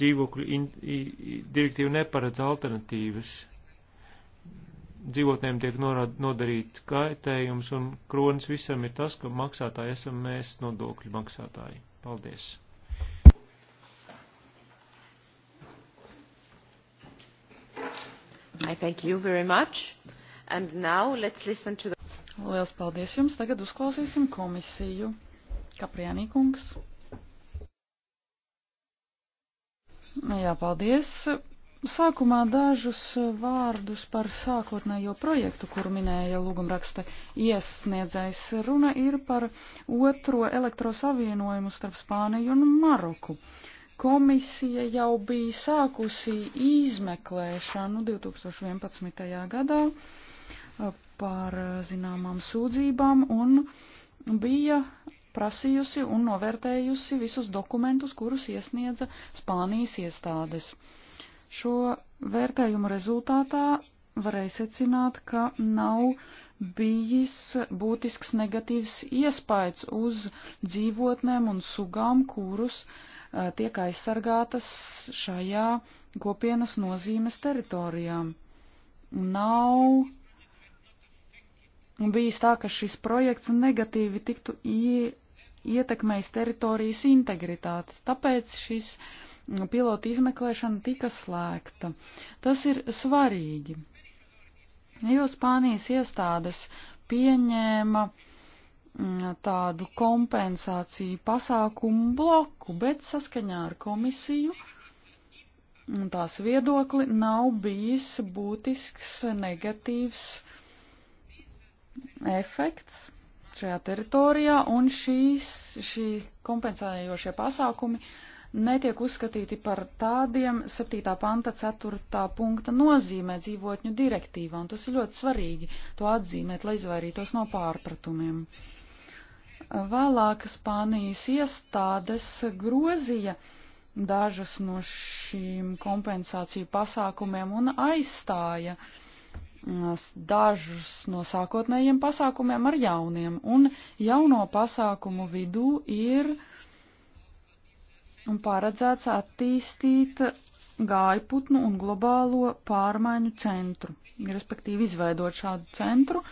dzīvokļu in, i, direktīva neparedz alternatīvas. Dzīvotnēm tiek norād, nodarīt kaitējums un kronis visam ir tas, ka maksātāji esam mēs nodokļu maksātāji. Paldies! I thank you very much. The... Lielas paldies jums. Tagad uzklausīsim komisiju. Kaprianī kungs. Nu jā, paldies. Sākumā dažus vārdus par sākotnējo projektu, kuru minēja lūgumraksta iesniedzējs. Runa ir par otro elektrosavienojumu starp Spāniju un Maroku. Komisija jau bija sākusi izmeklēšanu 2011. gadā par eh, zināmām sūdzībām un bija prasījusi un novērtējusi visus dokumentus, kurus iesniedza Spānijas iestādes. Šo vērtējumu rezultātā varēja secināt, ka nav bijis būtisks negatīvs iespējas uz dzīvotnēm un sugām, kurus eh, tiek aizsargātas šajā kopienas nozīmes teritorijā. Nav bijis tā, ka šis projekts negatīvi tiktu ietekmējis teritorijas integritātes. Tāpēc šis mm, pilota izmeklēšana tika slēgta. Tas ir svarīgi, jo Spānijas iestādes pieņēma mm, tādu kompensāciju pasākumu bloku, bet saskaņā ar komisiju mm, tās viedokli nav bijis būtisks negatīvs uh, efekts šajā teritorijā, un šīs, šī kompensējošie pasākumi netiek uzskatīti par tādiem 7. panta 4. punkta nozīmē dzīvotņu direktīvā, un tas ir ļoti svarīgi to atzīmēt, lai izvairītos no pārpratumiem. Vēlāk Spānijas iestādes grozīja dažas no šīm kompensāciju pasākumiem un aizstāja uh, dažus no sākotnējiem pasākumiem ar jauniem, un jauno pasākumu vidū ir paredzēts attīstīt gājputnu un globālo pārmaiņu centru, respektīvi izveidot šādu centru,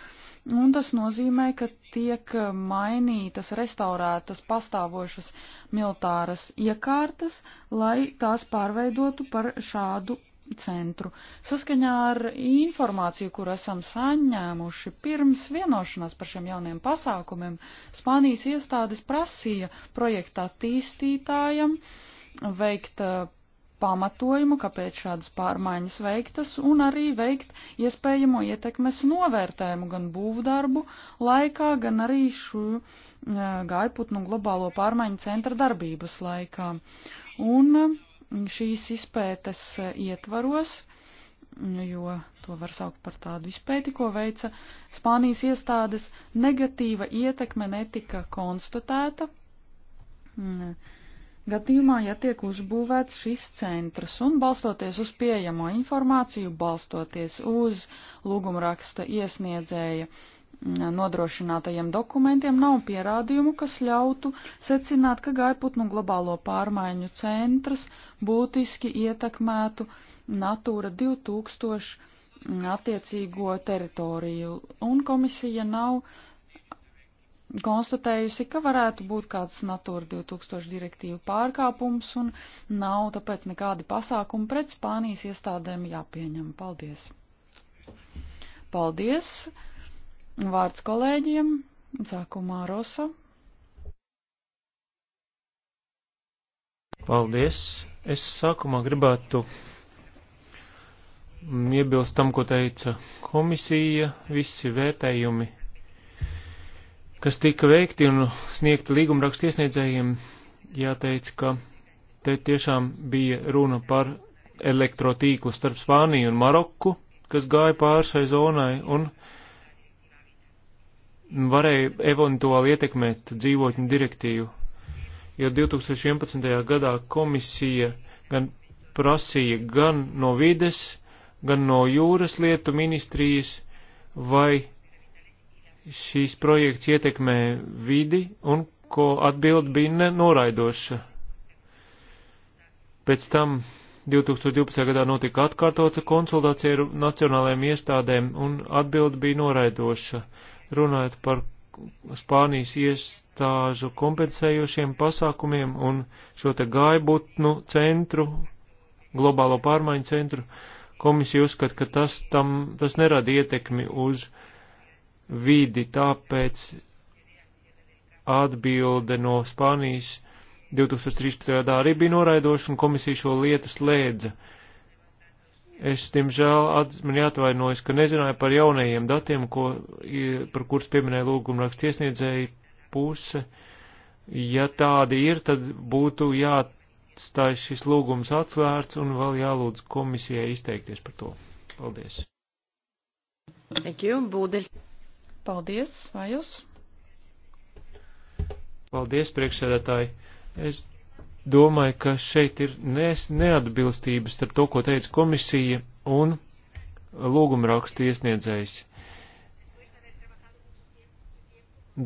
un tas nozīmē, ka tiek mainītas, restaurētas pastāvošas militāras iekārtas, lai tās pārveidotu par šādu centru. Saskaņā ar informāciju, kur esam saņēmuši pirms vienošanās par šiem jauniem pasākumiem, Spānijas iestādes prasīja projekta attīstītājam veikt uh, pamatojumu, kāpēc šādas pārmaiņas veiktas, un arī veikt iespējamo ietekmes novērtējumu gan būvdarbu laikā, gan arī šo uh, gaiputnu globālo pārmaiņu centra darbības laikā. Un uh, šīs izpētes eh, ietvaros, jo to var saukt par tādu izpēti, ko veica Spānijas iestādes, negatīva ietekme netika konstatēta. Mm, gadījumā, ja tiek uzbūvēts šis centrs un balstoties uz pieejamo informāciju, balstoties uz lūgumraksta iesniedzēja uh, nodrošinātajiem dokumentiem nav pierādījumu, kas ļautu secināt, ka gaiputnu globālo pārmaiņu centrs būtiski ietekmētu Natūra 2000 attiecīgo teritoriju, un komisija nav konstatējusi, ka varētu būt kāds Natūra 2000 direktīvu pārkāpums, un nav tāpēc nekādi pasākumi pret Spānijas iestādēm jāpieņem. Paldies! Paldies! Vārds kolēģiem. Sākumā Rosa. Paldies. Es sākumā gribētu iebilst tam, ko teica komisija, visi vērtējumi, kas tika veikti un sniegti līgumrakstu iesniedzējiem, jāteic, ka te tiešām bija runa par elektrotīklu starp Spāniju un Maroku, kas gāja pāri šai zonai, un varēja eventuāli ietekmēt dzīvotņu direktīvu, jo 2011. gadā komisija gan prasīja gan no vides, gan no jūras lietu ministrijas, vai šīs projekts ietekmē vidi, un ko atbild bija noraidoša. Pēc tam 2012. gadā notika atkārtota konsultācija ar nacionālajiem iestādēm, un atbild bija noraidoša runājot par Spānijas iestāžu kompensējošiem pasākumiem un šo te gaibutnu centru, globālo pārmaiņu centru, komisija uzskata, ka tas, tam, tas nerada ietekmi uz vidi, tāpēc atbilde no Spānijas 2013. gadā arī bija noraidoša un komisija šo lietu slēdza. Es, diemžēl, atz, man jāatvainojas, ka nezināju par jaunajiem datiem, ko, par kurus pieminēja lūgumraksts iesniedzēja puse. Ja tādi ir, tad būtu jāatstāj šis lūgums atvērts un vēl jālūdz komisijai izteikties par to. Paldies. Thank you, Būdeļ. Paldies, vai jūs? Paldies, priekšsēdētāji. Es domāju, ka šeit ir neatbilstības starp to, ko teica komisija un lūguma rakstu iesniedzējs.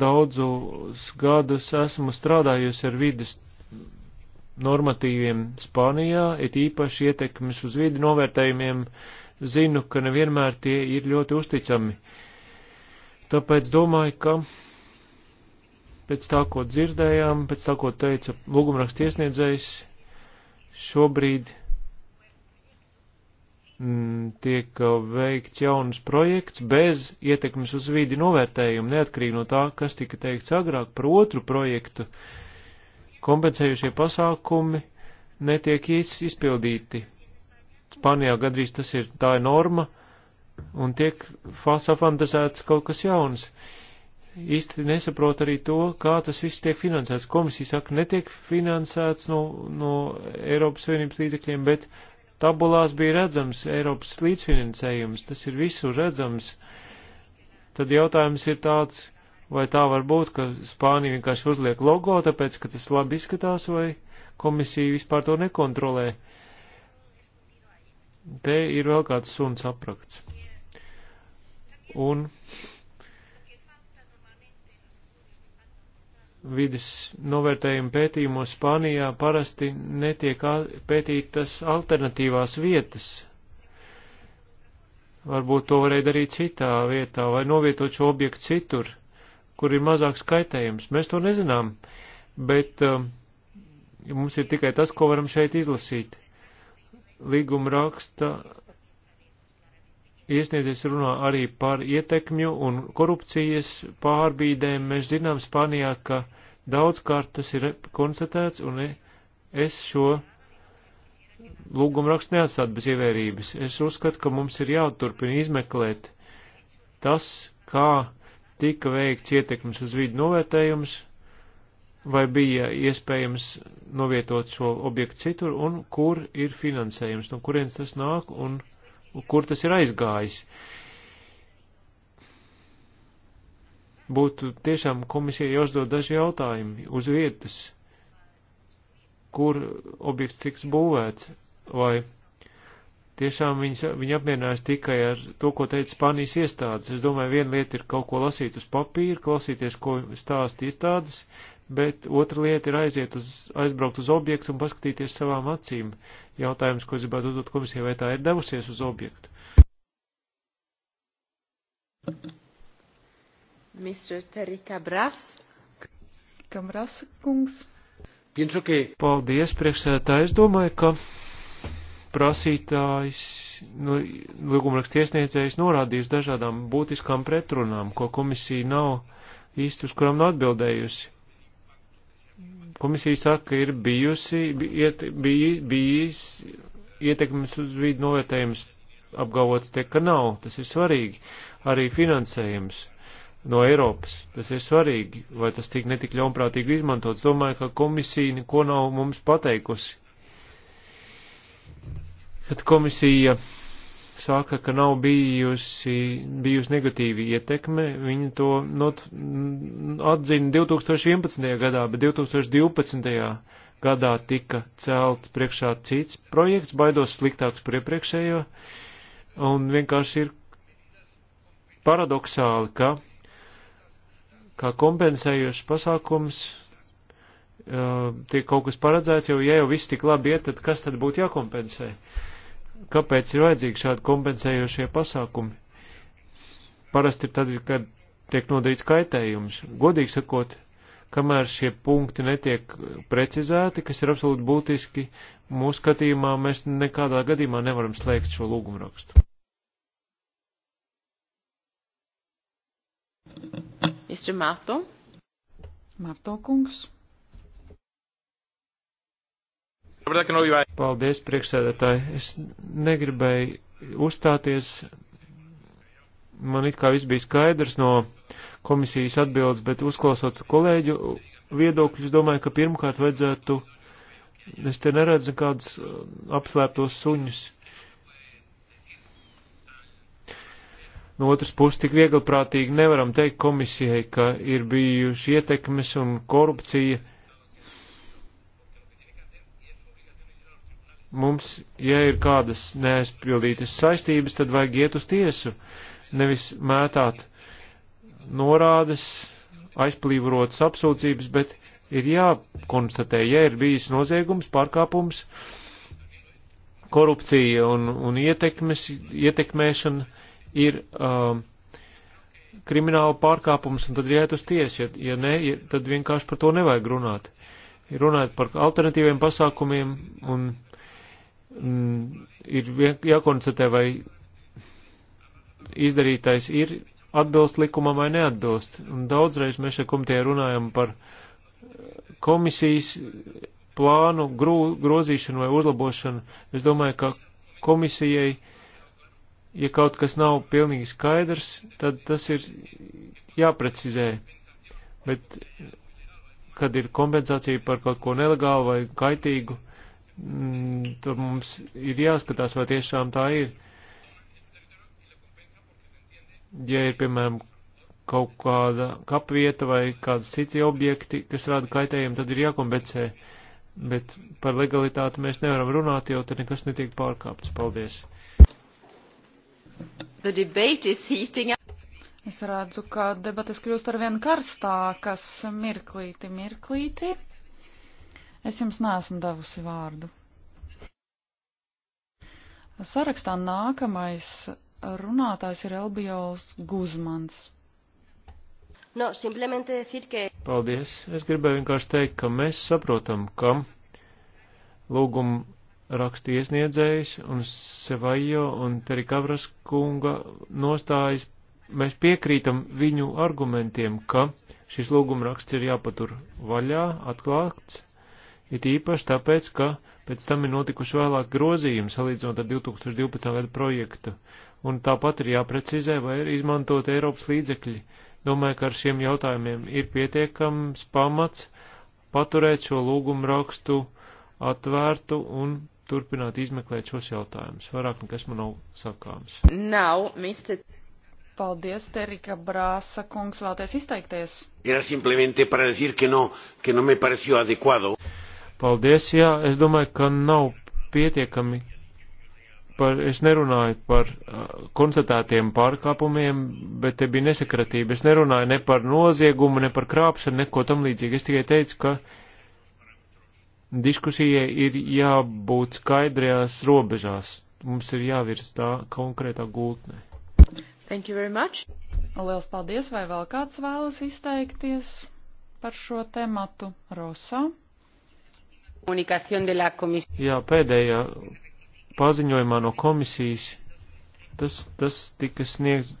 Daudzus gadus esmu strādājusi ar vides normatīviem Spānijā, it īpaši ietekmes uz vidi novērtējumiem, zinu, ka nevienmēr tie ir ļoti uzticami. Tāpēc domāju, ka pēc tā, ko dzirdējām, pēc tā, ko teica lūgumraksta iesniedzējs, šobrīd m, mm, tiek veikts jauns projekts bez ietekmes uz vīdi novērtējumu, neatkarīgi no tā, kas tika teikts agrāk par otru projektu. Kompensējušie pasākumi netiek izpildīti. Spānijā gadrīz tas ir tā ir norma un tiek safantasēts kaut kas jauns. Uh, īsti nesaprot arī to, kā tas viss tiek finansēts. Komisija saka, netiek finansēts no, no Eiropas Savienības līdzekļiem, bet tabulās bija redzams Eiropas līdzfinansējums, tas ir visur redzams. Tad jautājums ir tāds, vai tā var būt, ka Spānija vienkārši uzliek logo, tāpēc, ka tas labi izskatās, vai komisija vispār to nekontrolē. Te ir vēl kāds suns aprakts. Un vides novērtējuma pētījumos Spānijā parasti netiek pētītas alternatīvās vietas. Varbūt to varēja darīt citā vietā vai novietot šo objektu citur, kur ir mazāk skaitējums. Mēs to nezinām, bet um, mums ir tikai tas, ko varam šeit izlasīt. Līguma raksta iesniedzies runā arī par ietekmju un korupcijas pārbīdēm. Mēs zinām Spānijā, ka daudzkārt tas ir konstatēts, un e- es šo lūgumu rakstu neatstāt bez ievērības. Es uzskatu, ka mums ir jāturpina izmeklēt tas, kā tika veikts ietekmes uz vidu novērtējums, vai bija iespējams novietot šo objektu citur, un kur ir finansējums, no kurienes tas nāk, un kur tas ir aizgājis. Būtu tiešām komisijai jāuzdod daži jautājumi uz vietas, kur objekts tiks būvēts, vai tiešām viņas, viņa apmierinājās tikai ar to, ko teica Spānijas iestādes. Es domāju, viena lieta ir kaut ko lasīt uz papīra, klausīties, ko stāsta iestādes, bet otra lieta ir aiziet uz, aizbraukt uz objektu un paskatīties savām acīm. Jautājums, ko gribētu uzdot komisijai, vai tā ir devusies uz objektu. Mr. Terika Bras. Kamras kungs. Paldies, priekšsēdētāji. Es domāju, ka prasītājs, nu, lūgumraksta iesniedzējs norādījis dažādām būtiskām pretrunām, ko komisija nav īsti uz kurām atbildējusi komisija saka, ir bijusi, iet, bij, bijis ietekmes uz vidu novērtējums apgalvots tiek, ka nav. Tas ir svarīgi. Arī finansējums no Eiropas. Tas ir svarīgi, vai tas tik netik ļaunprātīgi izmantots. Domāju, ka komisija neko nav mums pateikusi. Kad komisija saka, ka nav bijusi, bijusi negatīva ietekme. Viņa to not, atzina 2011. gadā, bet 2012. gadā tika celt priekšā cits projekts, baidos sliktāks par iepriekšējo, un vienkārši ir paradoxāli, ka kā kompensējošs pasākums uh, tiek kaut kas paredzēts, jo ja jau viss tik labi iet, tad kas tad būtu jākompensē? Uh, kāpēc ir vajadzīgi šādi kompensējošie pasākumi. Parasti ir tad, kad tiek nodarīts kaitējums. Godīgi sakot, kamēr šie punkti netiek precizēti, kas ir absolūti būtiski, mūsu skatījumā mēs nekādā gadījumā nevaram slēgt šo lūgumrakstu. Mr. Marto. Marto kungs. Paldies, priekšsēdētāji. Es negribēju uzstāties. Man it kā viss bija skaidrs no komisijas atbildes, bet uzklausot kolēģu viedokļus, domāju, ka pirmkārt vajadzētu. Es te neredzu nekādus uh, apslēptos suņus. No otras puses, tik viegliprātīgi nevaram teikt komisijai, ka ir bijuši ietekmes un korupcija Mums, ja ir kādas neaizpildītas saistības, tad vajag iet uz tiesu, nevis mētāt norādes, aizplīvotas apsūdzības, bet ir jākonstatē, ja ir bijis noziegums, pārkāpums, korupcija un, un ietekmes, ietekmēšana ir um, krimināla pārkāpums, un tad ir jāiet uz tiesu, ja, ja nē, ja, tad vienkārši par to nevajag runāt. Runāt par alternatīviem pasākumiem un Mm, ir jākoncentrē, vai izdarītais ir atbilst likumam vai neatbilst. Un daudzreiz mēs šeit komitē runājam par eh, komisijas plānu grū, grozīšanu vai uzlabošanu. Es domāju, ka komisijai, ja kaut kas nav pilnīgi skaidrs, tad tas ir jāprecizē. Bet, kad ir kompensācija par kaut ko nelegālu vai kaitīgu, Mm, Tur mums ir jāskatās, vai tiešām tā ir. Ja ir, piemēram, kaut kāda kapvieta vai kādi citi objekti, kas rada kaitējumu, tad ir jākompensē. Bet par legalitāti mēs nevaram runāt, jo te nekas netiek pārkāpts. Paldies! Es redzu, ka debatas kļūst ar vien karstākas mirklīti, mirklīti. Es jums neesmu devusi vārdu. Sarakstā nākamais runātājs ir Elbijos Guzmans. No, simplemente decir que... Paldies. Es gribēju vienkārši teikt, ka mēs saprotam, ka lūguma raksta iesniedzējs un Sevajo un Terikavras kunga nostājas, mēs piekrītam viņu argumentiem, ka šis lūguma raksts ir jāpatur vaļā, atklāts, It īpaši tāpēc, ka pēc tam ir notikuši vēlāk grozījumi salīdzinot ar 2012. gadu projektu, un tāpat ir jāprecizē, vai ir izmantot Eiropas līdzekļi. Domāju, ka ar šiem jautājumiem ir pietiekams pamats paturēt šo lūgumu rakstu atvērtu un turpināt izmeklēt šos jautājumus. Vairāk nekas man nav sakāms. Nav, mister. Paldies, Terika Brāsa kungs, vēlties izteikties. Era simplemente para decir que no, que no me pareció adecuado. Paldies, jā, es domāju, ka nav pietiekami par, es nerunāju par uh, konstatētiem pārkāpumiem, bet te bija nesakratība. Es nerunāju ne par noziegumu, ne par krāpšanu, neko tam līdzīgi. Es tikai teicu, ka diskusijai ir jābūt skaidrajās robežās. Mums ir jāvirs tā konkrētā gultnē. Thank you very much. Liels paldies, vai vēl kāds vēlas izteikties par šo tematu? Rosa. Jā, pēdējā paziņojumā no komisijas tas, tas tika sniegts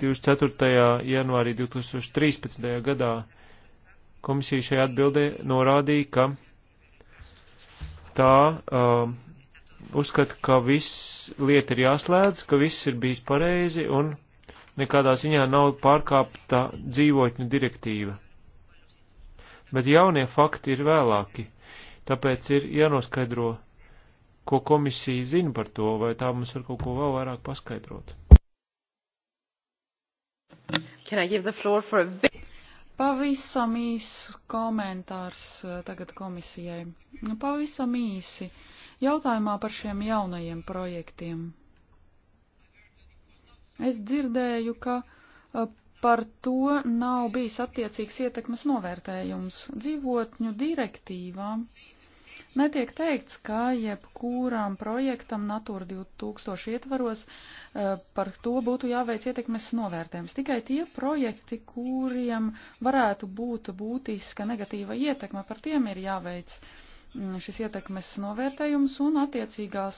24. janvārī 2013. gadā. Komisija šajā atbildē norādīja, ka tā uh, uzskata, ka viss lieta ir jāslēdz, ka viss ir bijis pareizi un nekādā ziņā nav pārkāpta dzīvotņu direktīva. Bet jaunie fakti ir vēlāki. Tāpēc ir jānoskaidro, ko komisija zina par to, vai tā mums var kaut ko vēl vairāk paskaidrot. A... Pavisam īsts komentārs eh, tagad komisijai. Nu, pavisam īsi jautājumā par šiem jaunajiem projektiem. Es dzirdēju, ka eh, par to nav bijis attiecīgs ietekmes novērtējums dzīvotņu direktīvām. Netiek teikts, ka jebkuram projektam Natūra 2000 ietvaros eh, par to būtu jāveic ietekmes novērtējums. Tikai tie projekti, kuriem varētu būt būtiska negatīva ietekme, par tiem ir jāveic uh, šis ietekmes novērtējums un attiecīgās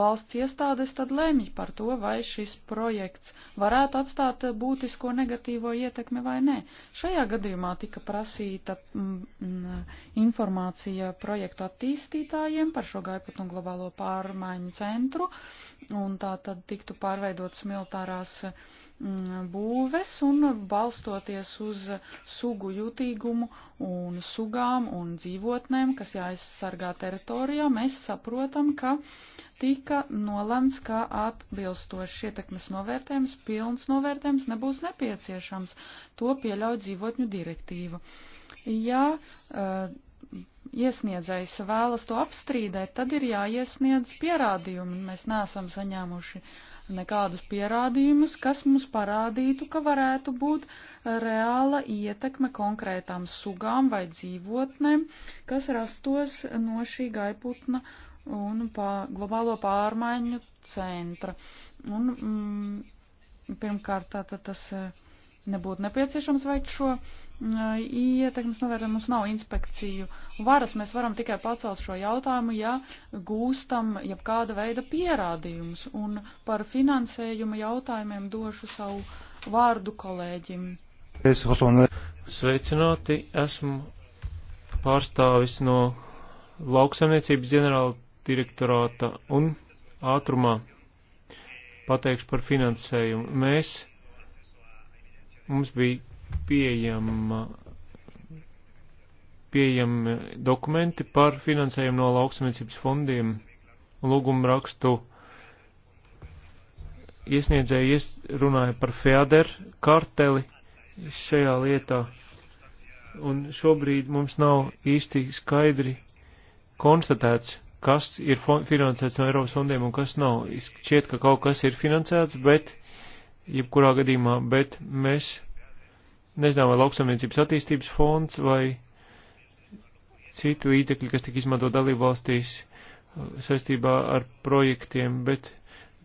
valsts iestādes tad lēmj par to, vai šis projekts varētu atstāt būtisko negatīvo ietekmi vai nē. Šajā gadījumā tika prasīta mm, mm informācija projektu attīstītājiem par šo gaiputnu globālo pārmaiņu centru un tā tad tiktu pārveidotas militārās uh, Mm, būves un balstoties uz sugu jutīgumu un sugām un dzīvotnēm, kas jāaizsargā teritorijā, mēs saprotam, ka tika nolemts, ka atbilstoši ietekmes novērtējums, pilns novērtējums nebūs nepieciešams. To pieļauj dzīvotņu direktīva. Ja uh, iesniedzējs vēlas to apstrīdēt, tad ir jāiesniedz pierādījumi. Mēs neesam saņēmuši uh, nekādus pierādījumus, kas mums parādītu, ka varētu būt reāla ietekme konkrētām sugām vai dzīvotnēm, kas rastos no šī gaiputna un pā, globālo pārmaiņu centra. Un, mm, pirmkārt, tātad tas eh, nebūtu nepieciešams veikt šo uh, ietekmes novērtē mums nav inspekciju varas. Mēs varam tikai pacelt šo jautājumu, ja gūstam jebkāda veida pierādījumus. Un par finansējuma jautājumiem došu savu vārdu kolēģim. Sveicināti, esmu pārstāvis no lauksaimniecības ģenerāla direktorāta un ātrumā pateikšu par finansējumu. Mēs, mums bija pieejama, pieejami dokumenti par finansējumu no lauksamniecības fondiem. Lūgumu rakstu iesniedzēji runāja par Feader karteli šajā lietā, un šobrīd mums nav īsti skaidri konstatēts, kas ir finansēts no Eiropas fondiem un kas nav. Šķiet, ka kaut kas ir finansēts, bet, jebkurā gadījumā, bet mēs Nezinām, vai lauksamniecības attīstības fonds vai citi līdzekļi, kas tika izmanto dalībvalstīs uh, saistībā ar projektiem, bet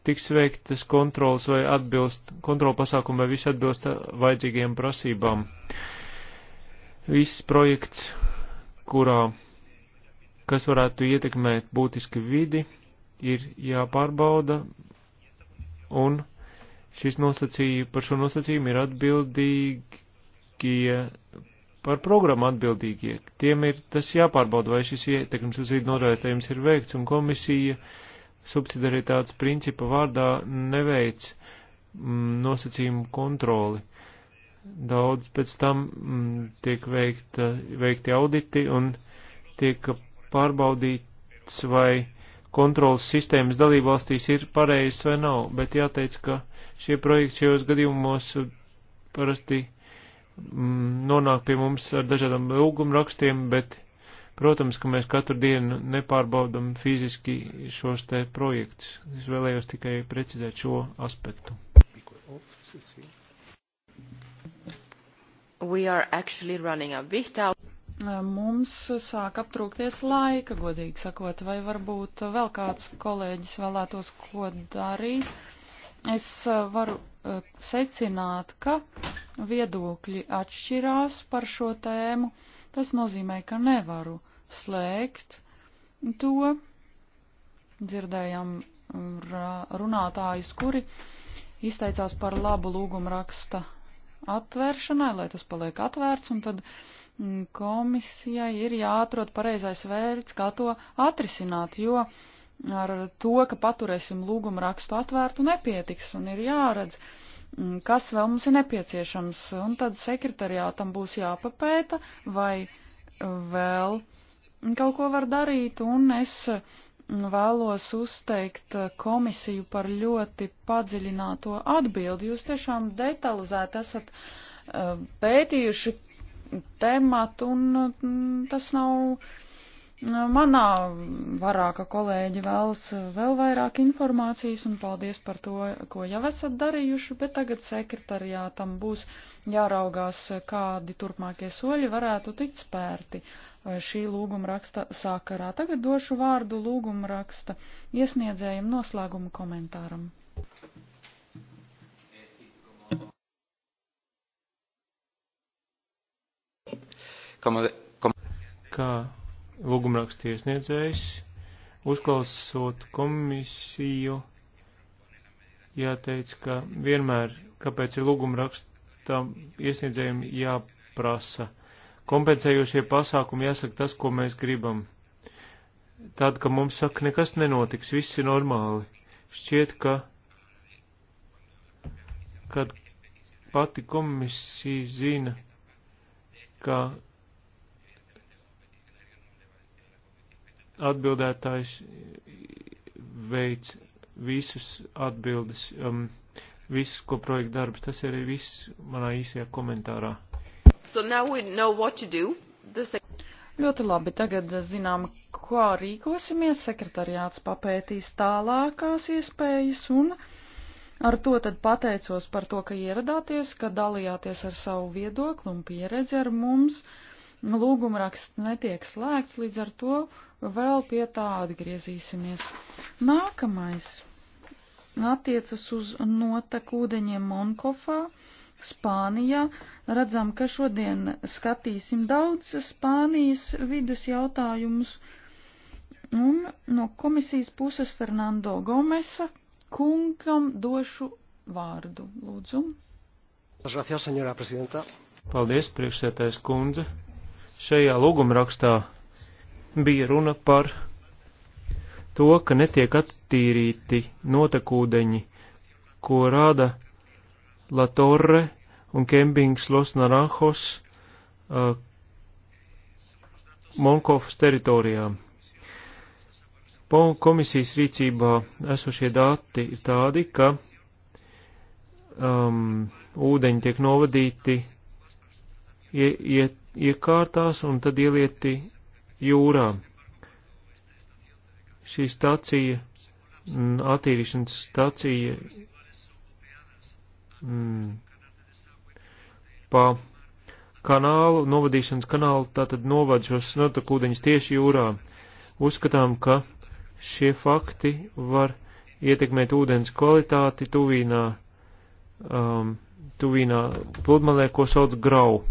tiks veiktas kontrols vai atbilst, kontrola pasākumi vai viss atbilst uh, vajadzīgiem prasībām. Viss projekts, kurā, kas varētu ietekmēt būtiski vidi, ir jāpārbauda, un šis nosacījums, par šo nosacījumu ir atbildīgi politiskie eh, par programmu atbildīgie. Tiem ir tas jāpārbauda, vai šis ietekmes uz vidu novērtējums ir veikts, un komisija subsidiaritātes principa vārdā neveic mm, nosacījumu kontroli. Daudz pēc tam mm, tiek veikta, eh, veikti auditi un tiek pārbaudīts, vai kontrolas sistēmas dalībvalstīs ir pareizas vai nav, bet jāteic, ka šie projekti šajos gadījumos parasti Mm, nonāk pie mums ar dažādām lūgumrakstiem, bet, protams, ka mēs katru dienu nepārbaudam fiziski šos te projektus. Es vēlējos tikai precizēt šo aspektu. Mums sāk aptrūkties laika, godīgi sakot, vai varbūt vēl kāds kolēģis vēlētos ko darīt es eh, varu eh, secināt, ka viedokļi atšķirās par šo tēmu. Tas nozīmē, ka nevaru slēgt to. Dzirdējām mm, runātājus, kuri izteicās par labu lūgumu raksta atvēršanai, lai tas paliek atvērts, un tad mm, komisijai ir jāatrod pareizais veids, kā to atrisināt, jo uh, ar to, ka paturēsim lūgumu rakstu atvērtu nepietiks un ir jāredz, mm, kas vēl mums ir nepieciešams, un tad sekretariātam būs jāpapēta, vai vēl kaut ko var darīt, un es mm, vēlos uzteikt komisiju par ļoti padziļināto atbildi. Jūs tiešām detalizēti esat eh, pētījuši tematu, un mm, tas nav Manā varā, ka kolēģi vēlas vēl vairāk informācijas un paldies par to, ko jau esat darījuši, bet tagad sekretariātam būs jāraugās, kādi turpmākie soļi varētu tikt spērti eh, šī lūguma raksta sākarā. Tagad došu vārdu lūguma raksta iesniedzējiem noslēguma komentāram. Kā lūgumrakstu iesniedzējs, uzklausot komisiju, jāteic, ka vienmēr, kāpēc ir lūgumrakstam iesniedzējiem jāprasa. Kompensējošie pasākumi jāsaka tas, ko mēs gribam. Tad, ka mums saka, nekas nenotiks, viss ir normāli. Šķiet, ka, kad pati komisija zina, ka atbildētājs veic visus atbildes, um, visus, ko projekta darbs. Tas ir viss manā īsajā komentārā. So now we know what to do. The Ļoti labi, tagad uh, zinām, ko rīkosimies. Sekretariāts papētīs tālākās iespējas un ar to tad pateicos par to, ka ieradāties, ka dalījāties ar savu viedokli un pieredzi ar mums. Uh, lūgumraksts netiek slēgts, līdz ar to vēl pie tā atgriezīsimies. Nākamais attiecas uz notekūdeņiem Monkofā. Spānijā. Redzam, ka šodien skatīsim daudz Spānijas vides jautājumus. Un no komisijas puses Fernando Gomesa kungam došu vārdu. Lūdzu. Paldies, priekšsētājs kundze. Šajā lūgumrakstā bija runa par to, ka netiek attīrīti notekūdeņi, ko rāda La Torre un Kempings Los Naranjos uh, Monkovas teritorijām. Komisijas rīcībā esošie dati ir tādi, ka um, ūdeņi tiek novadīti ie, iet iekārtās un tad ielieti jūrā. Šī stacija, mm, attīrīšanas stacija, m, mm, pa kanālu, novadīšanas kanālu, tātad novad šos notekūdeņus tieši jūrā. Uzskatām, ka šie fakti var ietekmēt ūdens kvalitāti tuvīnā, um, tuvīnā pludmalē, ko sauc grau.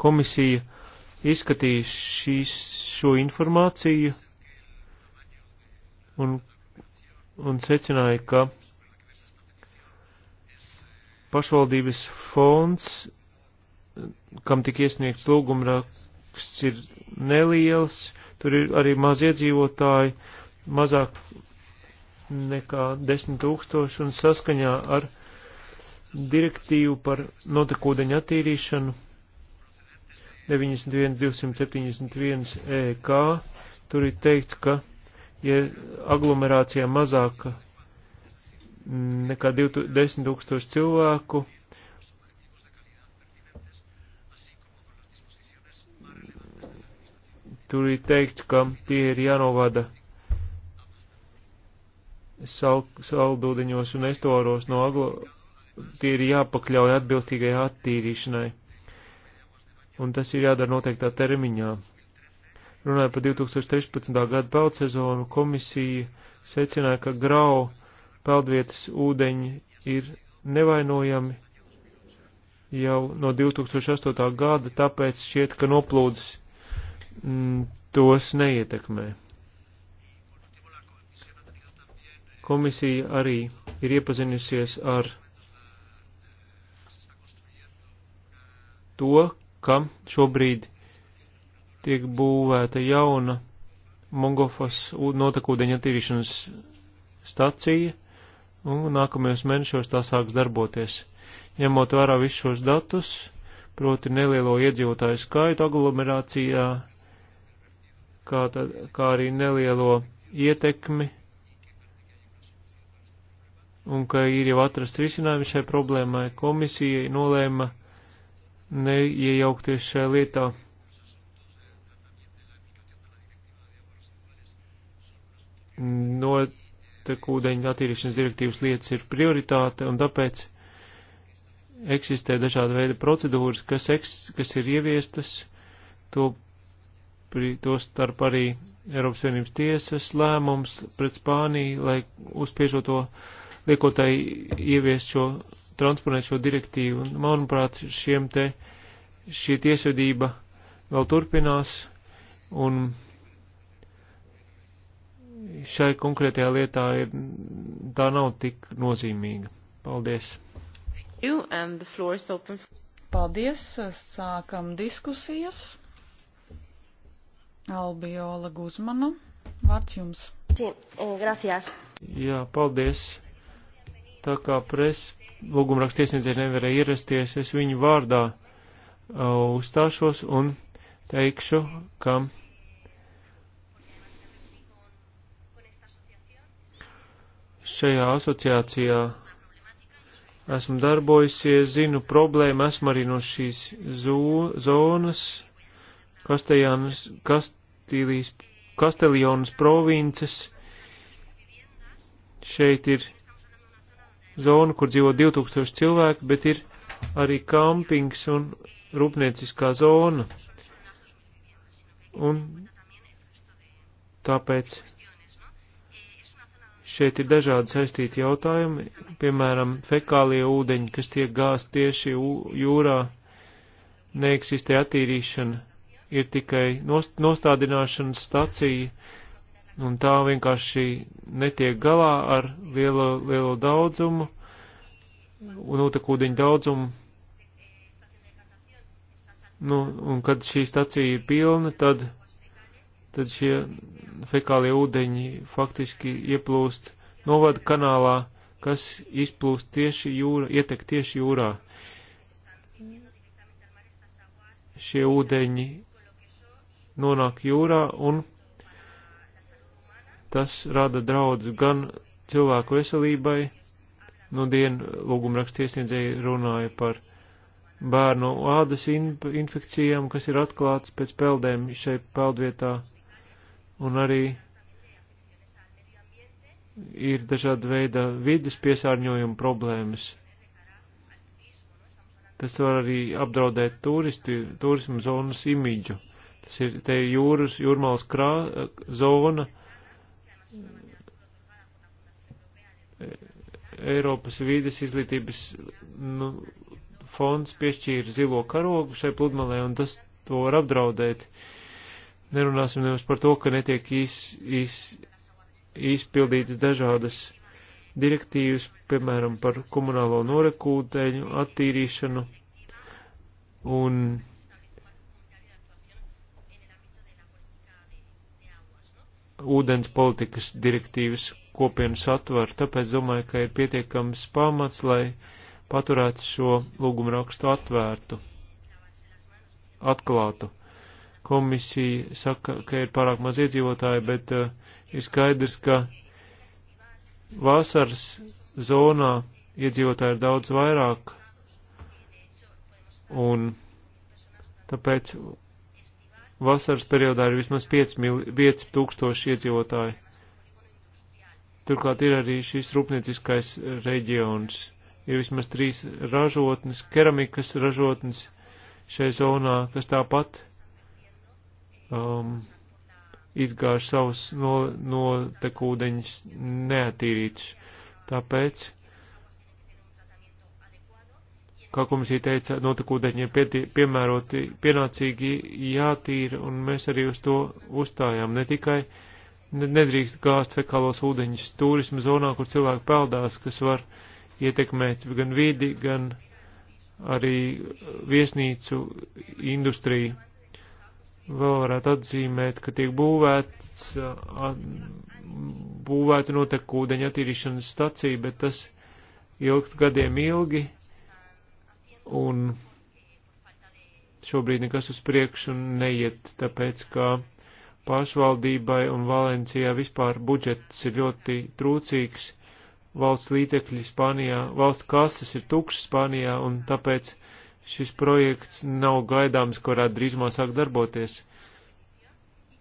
Komisija izskatīja šīs, šo informāciju un, un secināja, ka pašvaldības fonds, kam tik iesniegts lūgumraksts, ir neliels, tur ir arī maz iedzīvotāji, mazāk nekā 10 tūkstoši un saskaņā ar direktīvu par notekūdeņu attīrīšanu 91 271 EK, tur ir teikts, ka, ja aglomerācijā mazāka mm, nekā 10 tūkstoši cilvēku, tur ir teikts, ka tie ir jānovada sal, saldūdeņos un estuāros no aglo, tie ir jāpakļauj atbilstīgai attīrīšanai un tas ir jādara noteiktā termiņā. Runājot par 2013. gada peldsezonu, komisija secināja, ka grau peldvietas ūdeņi ir nevainojami jau no 2008. gada, tāpēc šķiet, ka noplūdes m, mm, tos neietekmē. Komisija arī ir iepazinusies ar to, ka šobrīd tiek būvēta jauna Mongofas notekūdeņa attīrīšanas stacija, un nākamajos mēnešos tā sāks darboties. Ņemot vērā visus šos datus, proti nelielo iedzīvotāju skaitu aglomerācijā, kā, tā, kā arī nelielo ietekmi, un ka ir jau atrasts risinājums šai problēmai, komisija nolēma neiejaukties šajā lietā. Notekūdeņu attīrīšanas direktīvas lietas ir prioritāte un tāpēc eksistē dažāda veida procedūras, kas, eks, kas ir ieviestas, to, to starp arī Eiropas Savienības tiesas lēmums pret Spāniju, lai uzspiežot to liekotai ieviest šo transponēt šo direktīvu. Un, manuprāt, šiem te šī tiesvedība vēl turpinās, un šai konkrētajā lietā ir, tā nav tik nozīmīga. Paldies! You and the floor is open. Paldies! Sākam diskusijas. Albiola Guzmana, vārds jums. Sí, eh, gracias. Jā, paldies. Tā kā pres lūgumraksta iesniedzēji nevarēja ierasties, es viņu vārdā uh, uzstāšos un teikšu, ka šajā asociācijā esmu darbojusies, zinu problēmu, esmu arī no šīs zo zonas, Kastelijas, Kastelijas provinces. Šeit ir zonu, kur dzīvo 2000 cilvēki, bet ir arī kampings un rūpnieciskā zona. Un tāpēc šeit ir dažādi saistīti jautājumi, piemēram, fekālie ūdeņi, kas tiek gāzt tieši jūrā, neeksistē attīrīšana, ir tikai nostādināšanas stacija, un tā vienkārši netiek galā ar lielo, lielo daudzumu un ūtekūdiņu daudzumu. Nu, un kad šī stacija ir pilna, tad, tad šie fekālie ūdeņi faktiski ieplūst novada kanālā, kas izplūst tieši jūra, ietek tieši jūrā. Šie ūdeņi nonāk jūrā un Tas rada draudz gan cilvēku veselībai, nu dienu lūgumraksta iesniedzēji runāja par bērnu ādas in infekcijām, kas ir atklāts pēc peldēm šeit peldvietā, un arī ir dažāda veida vidas piesārņojuma problēmas. Tas var arī apdraudēt turisti, turismu zonas imidžu. Tas ir te jūras, jūrmāls krā, zona, Eiropas vīdes izglītības nu, fonds piešķīra zilo karogu šai pludmalē, un tas to var apdraudēt. Nerunāsim nevis par to, ka netiek iz, iz, izpildītas dažādas direktīvas, piemēram, par komunālo norekūteņu attīrīšanu un ūdens politikas direktīvas kopienu satvaru, tāpēc domāju, ka ir pietiekams pamats, lai paturētu šo lūgumu rakstu atvērtu, atklātu. Komisija saka, ka ir pārāk maz iedzīvotāji, bet uh, ir skaidrs, ka vasaras zonā iedzīvotāji ir daudz vairāk, un tāpēc vasaras periodā ir vismaz 5, mil, 5 tūkstoši iedzīvotāji. Turklāt ir arī šis rūpnieciskais reģions. Ir vismaz trīs ražotnes, keramikas ražotnes šai zonā, kas tāpat um, izgāž savus no, notekūdeņus neatīrītus. Tāpēc kā komisija teica, notekūdeņi ir pieti, piemēroti, pienācīgi jātīra, un mēs arī uz to uzstājām. Ne tikai nedrīkst gāzt fekālos ūdeņus turismu zonā, kur cilvēki peldās, kas var ietekmēt gan vidi, gan arī viesnīcu industriju. Vēl varētu atzīmēt, ka tiek būvēts, būvēta notekūdeņa attīrīšanas stacija, bet tas ilgst gadiem ilgi un šobrīd nekas uz priekšu neiet, tāpēc, ka pašvaldībai un Valencijā vispār budžets ir ļoti trūcīgs, valsts līdzekļi Spānijā, valsts kases ir tukšas Spānijā, un tāpēc šis projekts nav gaidāms, ka varētu drīzumā sākt darboties.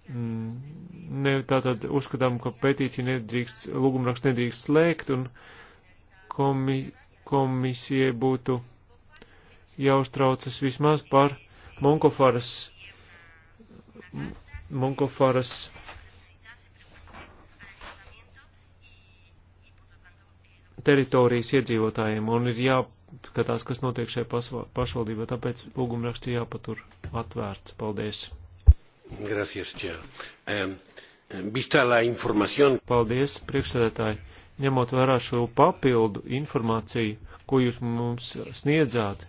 Mm, ne, tātad uzskatām, ka petīcija nedrīkst, lūgumraksts nedrīkst slēgt, un komi, komisija būtu jāuztraucas vismaz par Monkofaras, Monkofaras teritorijas iedzīvotājiem un ir jāskatās, kas notiek šajā pašvaldībā, tāpēc lūgumraksts ir jāpatur atvērts. Paldies! Gracias, um, Vista la información. Paldies, priekšsēdētāji. Ņemot vērā šo papildu informāciju, ko jūs mums sniedzāt,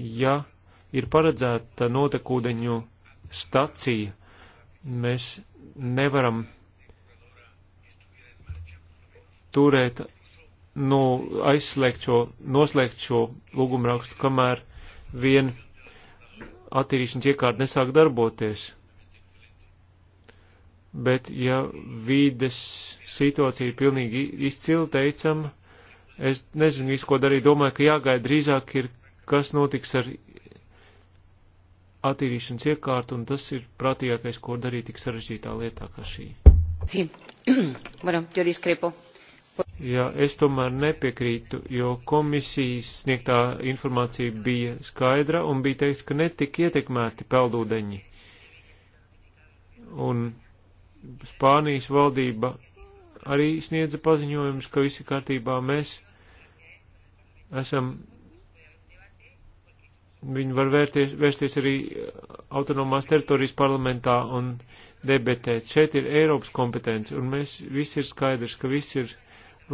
ja ir paredzēta notekūdeņu stacija, mēs nevaram turēt, nu, aizslēgt šo, noslēgt šo lūgumrakstu, kamēr vien attīrīšanas iekārta nesāk darboties. Bet, ja vīdes situācija ir pilnīgi izcila, teicam, es nezinu visu, ko darīt, domāju, ka jāgaida drīzāk ir kas notiks ar attīrīšanas iekārtu, un tas ir prātīgākais, ko darīt tik sarežģītā lietā kā šī. Sí. bueno, yo discrepo. Jā, es tomēr nepiekrītu, jo komisijas sniegtā informācija bija skaidra un bija teiks, ka netika ietekmēti peldūdeņi. Un Spānijas valdība arī sniedza paziņojums, ka visi kārtībā mēs esam Viņi var vērties, vērsties arī autonomās teritorijas parlamentā un debetēt. Šeit ir Eiropas kompetence, un mēs visi ir skaidrs, ka viss ir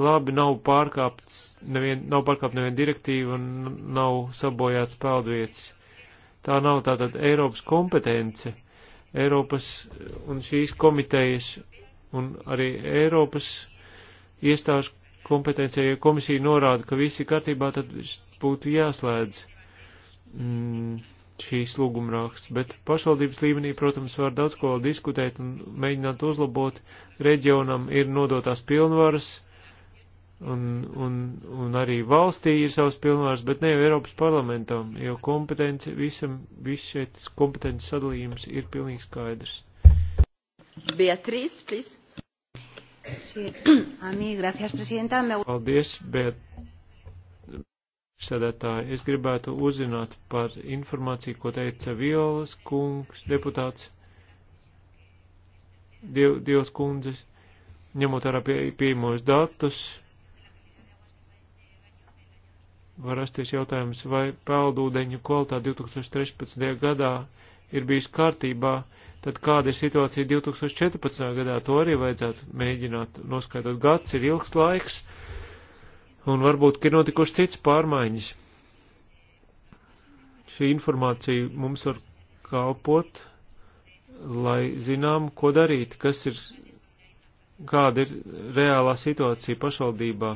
labi, nav pārkāpts nevien, nav pārkāpt nevien direktīva un nav sabojāts peldvietas. Tā nav tātad Eiropas kompetence. Eiropas un šīs komitejas un arī Eiropas iestāžu kompetencija, ja komisija norāda, ka visi kārtībā, tad būtu jāslēdz mm, šīs lūgumraksts, bet pašvaldības līmenī, protams, var daudz ko diskutēt un mēģināt uzlabot. Reģionam ir nodotās pilnvaras, un, un, un arī valstī ir savas pilnvaras, bet ne jau Eiropas parlamentam, jo kompetence visam, viss šeit kompetences sadalījums ir pilnīgi skaidrs. Beatriz, please. Sí. A mí, gracias, presidenta. Me... Paldies, Beatriz. Sēdētāji, es gribētu uzzināt par informāciju, ko teica Violas kungs, deputāts, diev, Dievs kundzes, ņemot ārā pie, pieejamos datus. Var rasties jautājums, vai peldūdeņu kvalitāte 2013. gadā ir bijusi kārtībā, tad kāda ir situācija 2014. gadā, to arī vajadzētu mēģināt noskaitot. Gads ir ilgs laiks, un varbūt, ka ir notikušas citas pārmaiņas. Šī informācija mums var kalpot, lai zinām, ko darīt, kas ir, kāda ir reālā situācija pašvaldībā.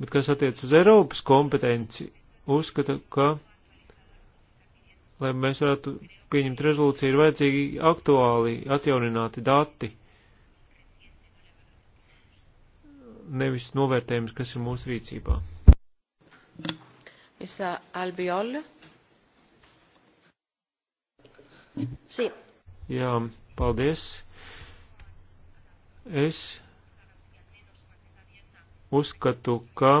Bet kas attiec uz Eiropas kompetenci, uzskata, ka, lai mēs varētu pieņemt rezolūciju, ir vajadzīgi aktuāli atjaunināti dati. nevis novērtējums, kas ir mūsu rīcībā. Misa Albiol. Sí. Jā, paldies. Es uzskatu, ka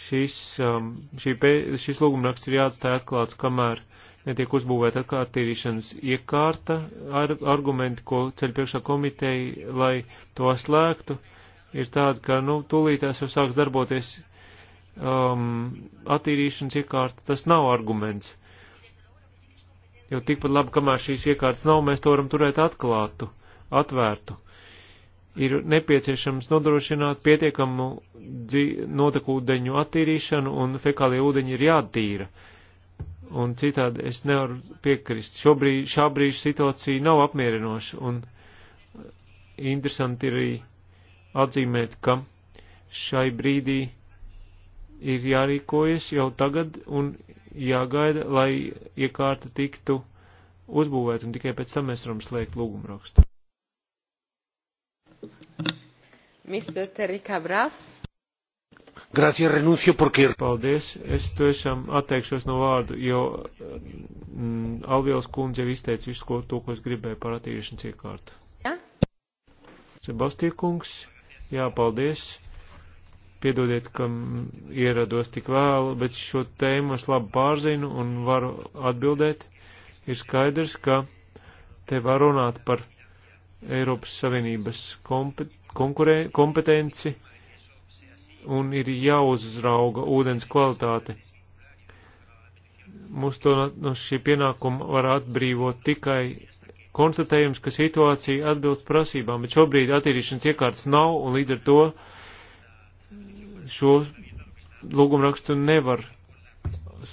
šis, um, šī, šis lūgumraksts ir jāatstāj atklāts, kamēr netiek uzbūvēta atkārtīrīšanas iekārta, ar, argumenti, ko ceļ priekšā komiteja, lai to slēgtu, ir tāda, ka, nu, tūlītēs jau sāks darboties um, attīrīšanas iekārta, tas nav arguments. Jo tikpat labi, kamēr šīs iekārtas nav, mēs to varam turēt atklātu, atvērtu. Ir nepieciešams nodrošināt pietiekamu notekūdeņu attīrīšanu un fekālie ūdeņi ir jātīra. Un citādi es nevaru piekrist. Šobrīd, šā brīža situācija nav apmierinoša un interesanti ir arī atzīmēt, ka šai brīdī ir jārīkojas jau tagad un jāgaida, lai iekārta tiktu uzbūvēt, un tikai pēc tam mēs varam slēgt lūgumu rakstu. Mr. Terika Brās. Gracias, renuncio porque... Paldies, es tiešām atteikšos no vārdu, jo mm, Alvielas kundze jau izteica visu ko, to, ko es gribēju par attīrīšanas iekārtu. Ja? Sebastija kungs. Jā, paldies. Piedodiet, ka ierados tik vēlu, bet šo tēmu es labi pārzinu un varu atbildēt. Ir skaidrs, ka te var runāt par Eiropas Savienības kompetenci un ir jāuzrauga ūdens kvalitāte. Mums to no šī pienākuma var atbrīvot tikai konstatējums, ka situācija atbilst prasībām, bet šobrīd attīrīšanas iekārtas nav un līdz ar to šo lūgumrakstu nevar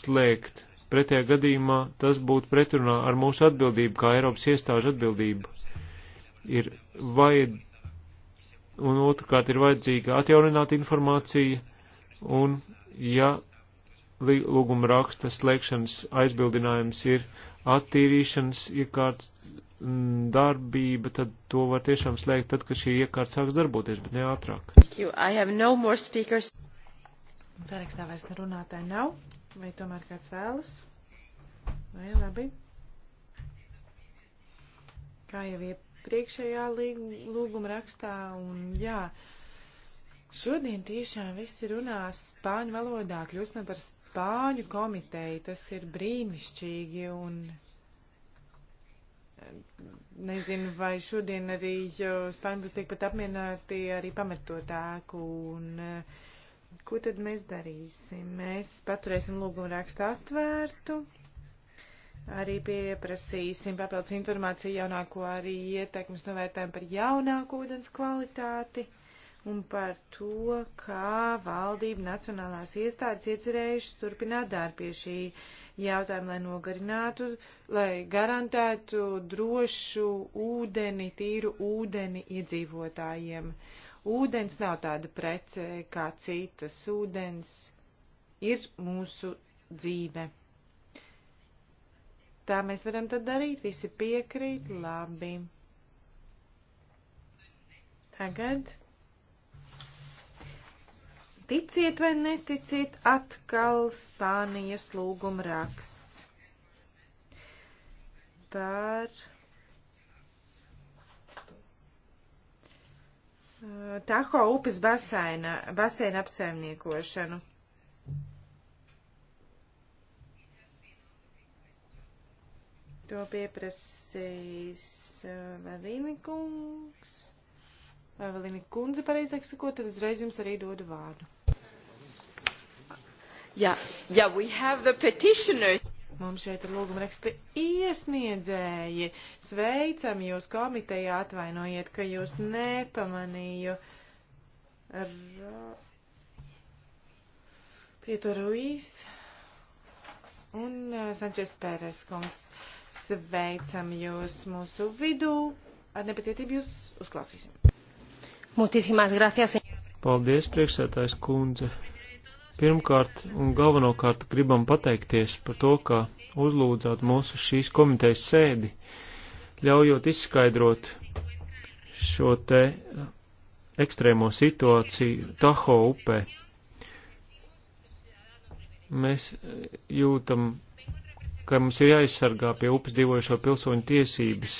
slēgt. Pretējā gadījumā tas būtu pretrunā ar mūsu atbildību, kā Eiropas iestāžu atbildību. Ir vajad, un otrkārt ir vajadzīga atjaunināta informācija, un ja lūguma raksta slēgšanas aizbildinājums ir attīrīšanas iekārtas mm, darbība, tad to var tiešām slēgt tad, kad šī iekārta sāks darboties, bet ne ātrāk. No Sarakstā vairs runātāji nav, vai tomēr kāds vēlas? Vai labi? Kā jau iepriekšējā lūguma rakstā, un jā, šodien tiešām visi runās spāņu valodā, kļūstam par spāņu komiteju, tas ir brīnišķīgi un nezinu, vai šodien arī spāņu būs tiek pat apmierināti arī pametot ēku un ko tad mēs darīsim? Mēs paturēsim lūgumu rakstu atvērtu. Arī pieprasīsim papildus informāciju jaunāko arī ietekmes novērtējumu par jaunāku ūdens kvalitāti. Uh, un par to, kā valdība nacionālās iestādes iecerējuši turpināt darbu pie šī jautājuma, lai nogarinātu, lai garantētu drošu ūdeni, tīru ūdeni iedzīvotājiem. Ūdens nav tāda prece kā citas. Ūdens ir mūsu dzīve. Tā mēs varam tad darīt, visi piekrīt, labi. Tagad Ticiet vai neticiet, atkal Spānijas lūguma raksts par eh, Taho upes basaina, baseina apsaimniekošanu. To pieprasīs eh, Velīni kungs. Vai Velīni kundze pareizāk sakot, tad uzreiz jums arī dodu vārdu. Yeah. Yeah, we have the petitioners. Mums šeit ir lūgumraksta iesniedzēji. Sveicam jūs komitejā, atvainojiet, ka jūs nepamanīju. Ar... Pieto Ruiz un uh, Sančes Pēres kungs. Sveicam jūs mūsu vidū. Ar nepacietību jūs uzklausīsim. Muchísimas gracias. Paldies, priekšsētājs kundze. Pirmkārt un galvenokārt gribam pateikties par to, ka uzlūdzāt mūsu šīs komitejas sēdi, ļaujot izskaidrot šo te eh, ekstrēmo situāciju Taho upē. Mēs eh, jūtam, ka mums ir jāizsargā pie upes dzīvojušo pilsoņu tiesības.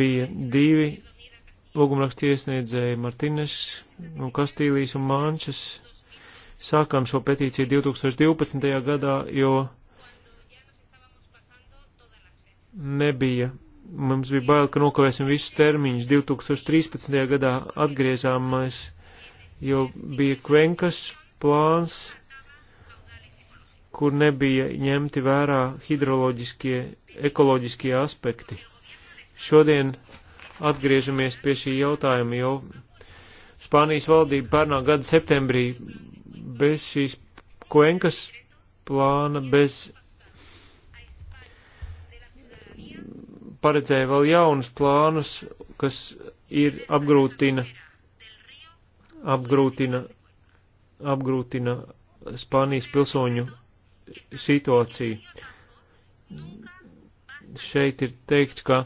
Bija divi lūgumrakstu iesniedzēji Martines, no Kastīlijas un Mančes sākām šo petīciju 2012. gadā, jo nebija, mums bija bail, ka nokavēsim visus termiņus. 2013. gadā atgriezāmies, jo bija kvenkas plāns, kur nebija ņemti vērā hidroloģiskie, ekoloģiskie aspekti. Šodien atgriežamies pie šī jautājuma jau. Jo Spānijas valdība pārnā gada septembrī bez šīs kuenkas plāna, bez paredzēja vēl jaunus plānus, kas ir apgrūtina, apgrūtina, apgrūtina Spānijas pilsoņu situāciju. Šeit ir teikts, ka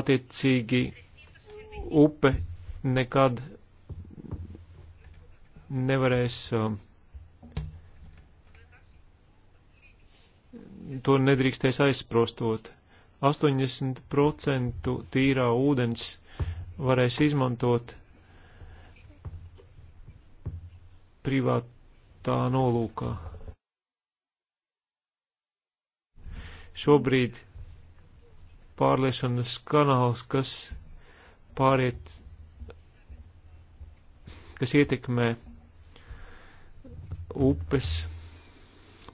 attiecīgi upe nekad nevarēs um, to nedrīkstēs aizsprostot. 80% tīrā ūdens varēs izmantot privātā nolūkā. Šobrīd pārliešanas kanāls, kas pāriet, kas ietekmē upes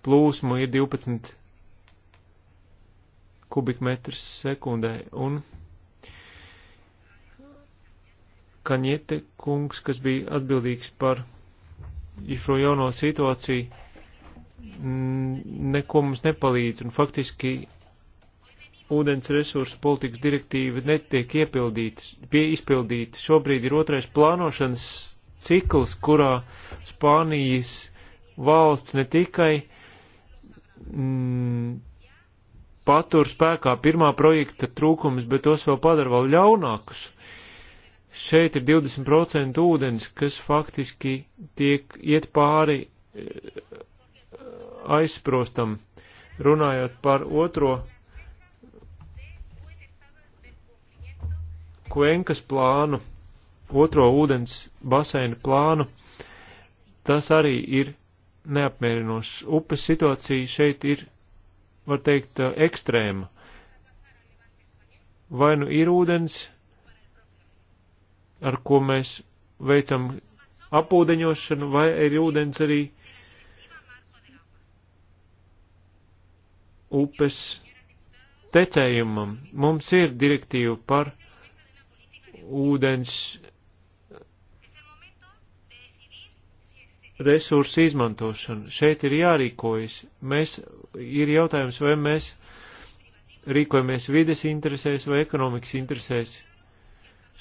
plūsmu, ir 12 kubikmetrus sekundē. Un Kaņete kungs, kas bija atbildīgs par šo jauno situāciju, neko mums nepalīdz. Un faktiski ūdens resursu politikas direktīva netiek iepildīta, pie izpildīta. Šobrīd ir otrais plānošanas cikls, kurā Spānijas valsts ne tikai mm, patur spēkā pirmā projekta trūkumus, bet tos vēl padara vēl ļaunākus. Šeit ir 20% ūdens, kas faktiski tiek iet pāri eh, aizsprostam. Runājot par otro Kuenkas plānu, otro ūdens baseina plānu, tas arī ir neapmierinošs. Upes situācija šeit ir, var teikt, eh, ekstrēma. Vai nu ir ūdens, ar ko mēs veicam apūdeņošanu, vai ir ūdens arī upes tecējumam. Mums ir direktīva par ūdens resursu izmantošanu. Šeit ir jārīkojas. Mēs, ir jautājums, vai mēs rīkojamies vides interesēs vai ekonomikas interesēs.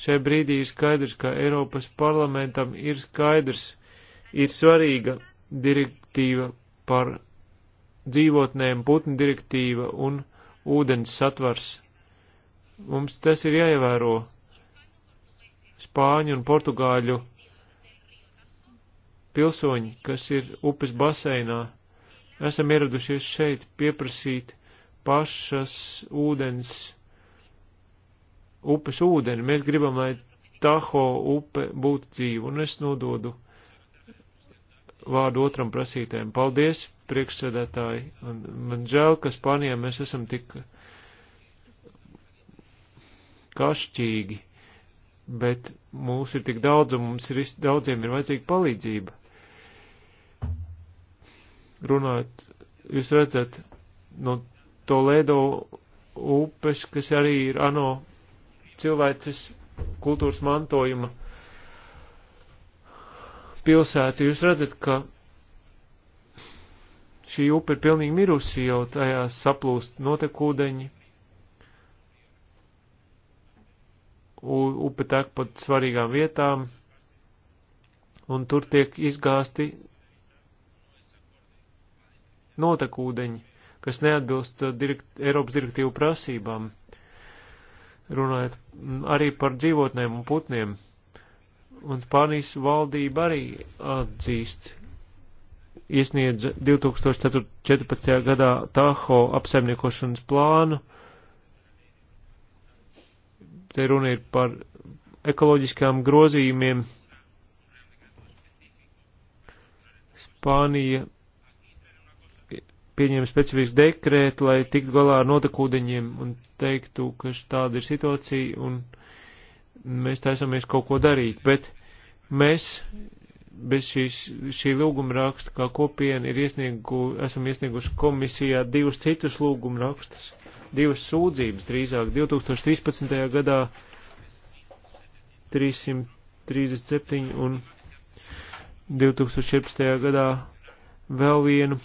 Šai brīdī ir skaidrs, ka Eiropas parlamentam ir skaidrs, ir svarīga direktīva par dzīvotnēm, putnu direktīva un ūdens satvars. Mums tas ir jāievēro spāņu un portugāļu pilsoņi, kas ir upes baseinā, esam ieradušies šeit pieprasīt pašas ūdens, upes ūdeni. Mēs gribam, lai Taho upe būtu dzīva, un es nododu vārdu otram prasītājiem. Paldies, priekšsēdētāji, un man žēl, ka Spānijā mēs esam tik kašķīgi bet mūs ir tik daudz un mums ir daudziem ir vajadzīga palīdzība. Runājot, jūs redzat no Toledo upes, kas arī ir ANO cilvēces kultūras mantojuma pilsēta, jūs redzat, ka šī upe ir pilnīgi mirusi, jau tajā saplūst notekūdeņi, upe tek pat svarīgām vietām, un tur tiek izgāsti notekūdeņi, kas neatbilst direkt, Eiropas direktīvu prasībām, runājot arī par dzīvotnēm un putniem. Un Spānijas valdība arī atzīst, iesniedz 2014. gadā Taho apsaimniekošanas plānu, te runa ir par ekoloģiskām grozījumiem. Spānija pieņēma specifisku dekrētu, lai tiktu galā ar notekūdeņiem un teiktu, ka tāda ir situācija un mēs taisamies kaut ko darīt. Bet mēs bez šīs, šī lūguma raksta kā kopiena ir iesniegu, esam iesnieguši komisijā divus citus lūguma rakstus divas sūdzības drīzāk 2013. gadā 337 un 2014. gadā vēl vienu.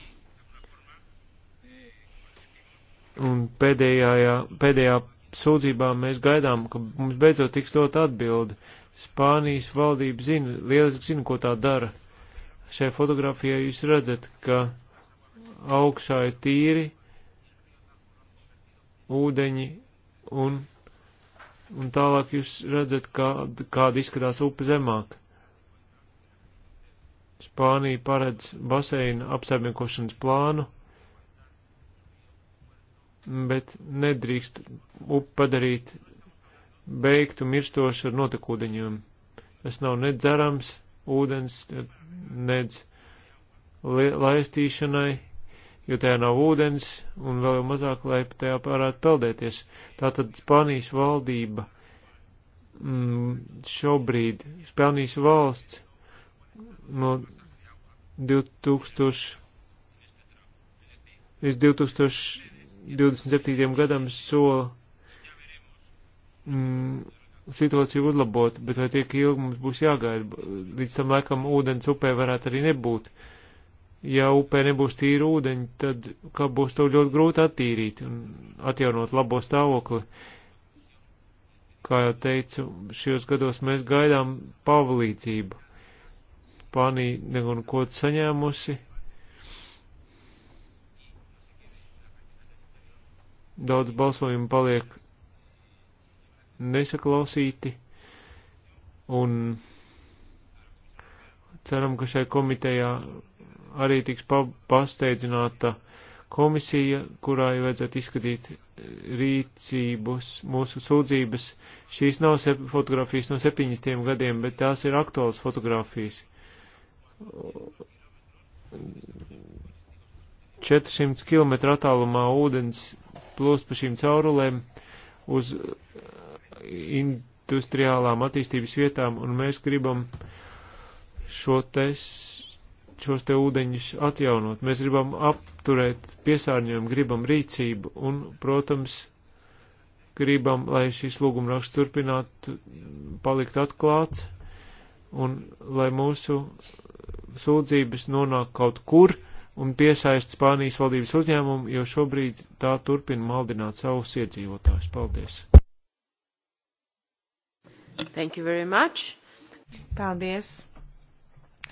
Un pēdējā, pēdējā sūdzībā mēs gaidām, ka mums beidzot tiks dot atbildi. Spānijas valdība zina, lieliski zina, ko tā dara. Šajā fotografijā jūs redzat, ka augšā ir tīri ūdeņi un, un tālāk jūs redzat, kā, kāda izskatās upe zemāk. Spānija paredz baseina apsaimniekošanas plānu, bet nedrīkst upi padarīt beigtu mirstošu ar notekūdeņiem. Tas nav nedzerams ūdens, nedz laistīšanai jo tajā nav ūdens un vēl jau mazāk, lai tajā varētu peldēties. Tātad Spānijas valdība mm, šobrīd, Spānijas valsts no 2000 līdz 2027. gadam sola mm, situāciju uzlabot, bet vai tiek ilgi mums būs jāgaida, līdz tam laikam ūdens upē varētu arī nebūt. Uh, ja upē nebūs tīra ūdeņa, tad kā būs to ļoti grūti attīrīt un atjaunot labo stāvokli. Kā jau teicu, šajos gados mēs gaidām pavlīdzību. Spānija negun ko saņēmusi. Daudz balsojumu paliek nesaklausīti un ceram, ka šai komitejā arī tiks pa pasteidzināta komisija, kurai vajadzētu izskatīt rīcības, mūsu sūdzības. Šīs nav fotografijas no 70 gadiem, bet tās ir aktuālas fotografijas. 400 km attālumā ūdens plūst pa šīm caurulēm uz industriālām attīstības vietām, un mēs gribam šo te šos te ūdeņus atjaunot. Mēs gribam apturēt piesārņojumu, gribam rīcību un, protams, gribam, lai šis lūgumraksts turpinātu palikt atklāts un lai mūsu sūdzības nonāk kaut kur un piesaist Spānijas valdības uzņēmumu, jo šobrīd tā turpina maldināt savus iedzīvotājus. Paldies! Thank you very much. Paldies!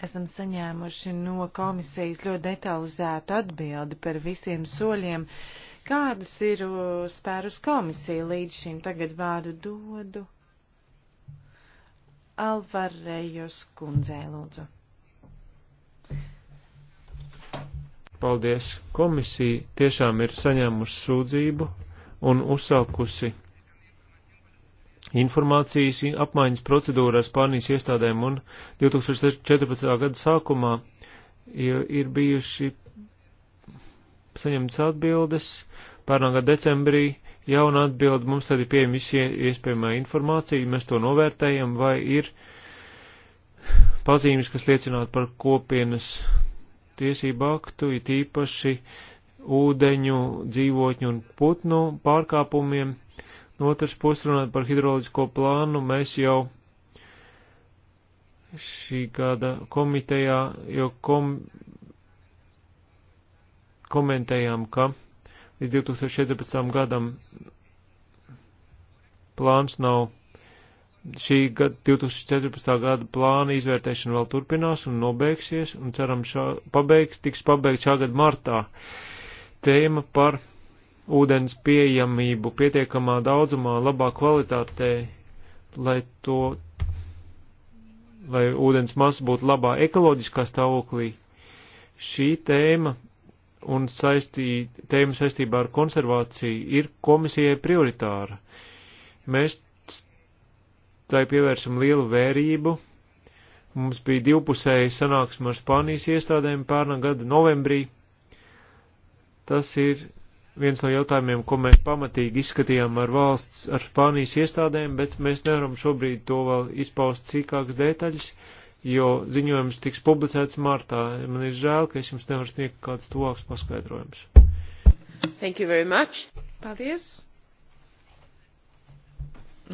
Esam saņēmuši no komisijas ļoti detalizētu atbildi par visiem soļiem, kādus ir spērus komisija līdz šim. Tagad vārdu dodu Alvarējos kundzē, lūdzu. Paldies! Komisija tiešām ir saņēmusi sūdzību un uzsākusi informācijas apmaiņas procedūra ar Spānijas iestādēm un 2014. gada sākumā ir bijuši saņemts atbildes. Pērnā gada decembrī jauna atbilde mums arī pieejama visi iespējamā informācija, mēs to novērtējam, vai ir pazīmes, kas liecinātu par kopienas tiesību aktu, it īpaši ūdeņu, dzīvotņu un putnu pārkāpumiem No otras puses runāt par hidroloģisko plānu, mēs jau šī gada komitejā jau kom komentējām, ka līdz 2014. gadam plāns nav, šī gada, 2014. gada plāna izvērtēšana vēl turpinās un nobeigsies, un ceram, šā, pabeigts, tiks pabeigts šā gada martā. Tēma par ūdens pieejamību pietiekamā daudzumā, labā kvalitātē, lai to, lai ūdens masa būtu labā ekoloģiskā stāvoklī. Šī tēma un saistī, tēma saistībā ar konservāciju ir komisijai prioritāra. Mēs tai pievērsam lielu vērību. Mums bija divpusēji sanāksme ar Spānijas iestādēm pērnā gada novembrī. Tas ir viens no jautājumiem, ko mēs pamatīgi izskatījām ar valsts, ar Spānijas iestādēm, bet mēs nevaram šobrīd to vēl izpaust cīkākas detaļas, jo ziņojums tiks publicēts martā. Man ir žēl, ka es jums nevaru sniegt kāds tuvāks paskaidrojums. Thank you very much. Paldies.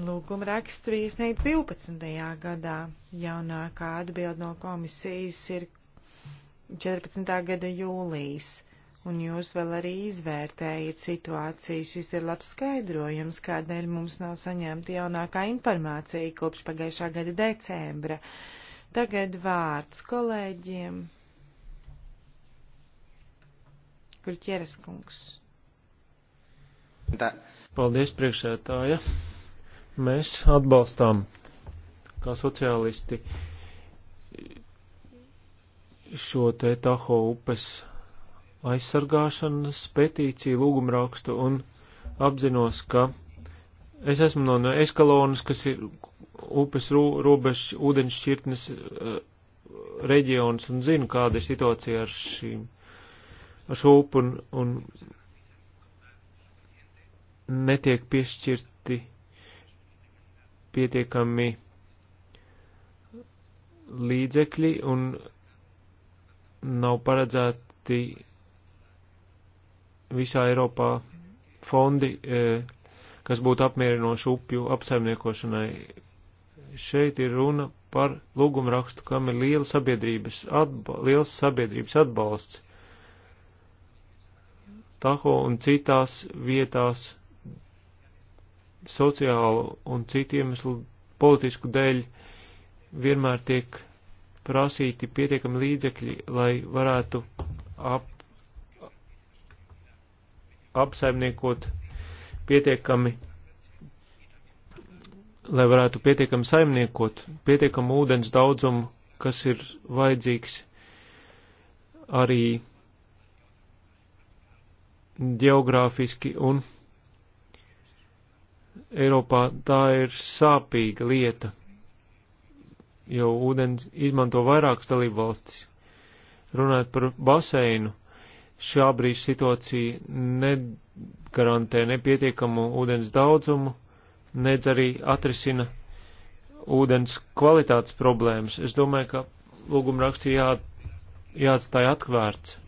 Lūguma raksts bija sniegts 12. gadā. Jaunākā atbild no komisijas ir 14. gada jūlijas un jūs vēl arī izvērtējat situāciju. Šis ir labs skaidrojums, kādēļ mums nav saņemta jaunākā informācija kopš pagājušā gada decembra. Tagad vārds kolēģiem. Kurķeres kungs. Da. Paldies, priekšsētāja. Mēs atbalstām, kā sociālisti, šo te Taho upes aizsargāšanas petīciju lūgumrakstu un apzinos, ka es esmu no, no Eskalonas, kas ir upes robežs ūdens šķirtnes uh, reģions un zinu, kāda ir situācija ar šīm, ar šo upu un, un netiek piešķirti pietiekami līdzekļi un nav paredzēti visā Eiropā fondi, e, kas būtu apmierinoši upju apsaimniekošanai. Šeit ir runa par lūgumrakstu, kam ir liela sabiedrības atba, liels sabiedrības atbalsts. Taho un citās vietās sociālu un citu iemeslu politisku dēļ vienmēr tiek prasīti pietiekami līdzekļi, lai varētu ap, apsaimniekot pietiekami, lai varētu pietiekami saimniekot, pietiekami ūdens daudzumu, kas ir vajadzīgs arī geogrāfiski un Eiropā tā ir sāpīga lieta, jo ūdens izmanto vairākas dalību valstis. Runājot par baseinu, šā brīža situācija negarantē nepietiekamu ūdens daudzumu, nedz arī atrisina ūdens kvalitātes problēmas. Es domāju, ka lūgumraksts ir jā, jāatstāja atvērts.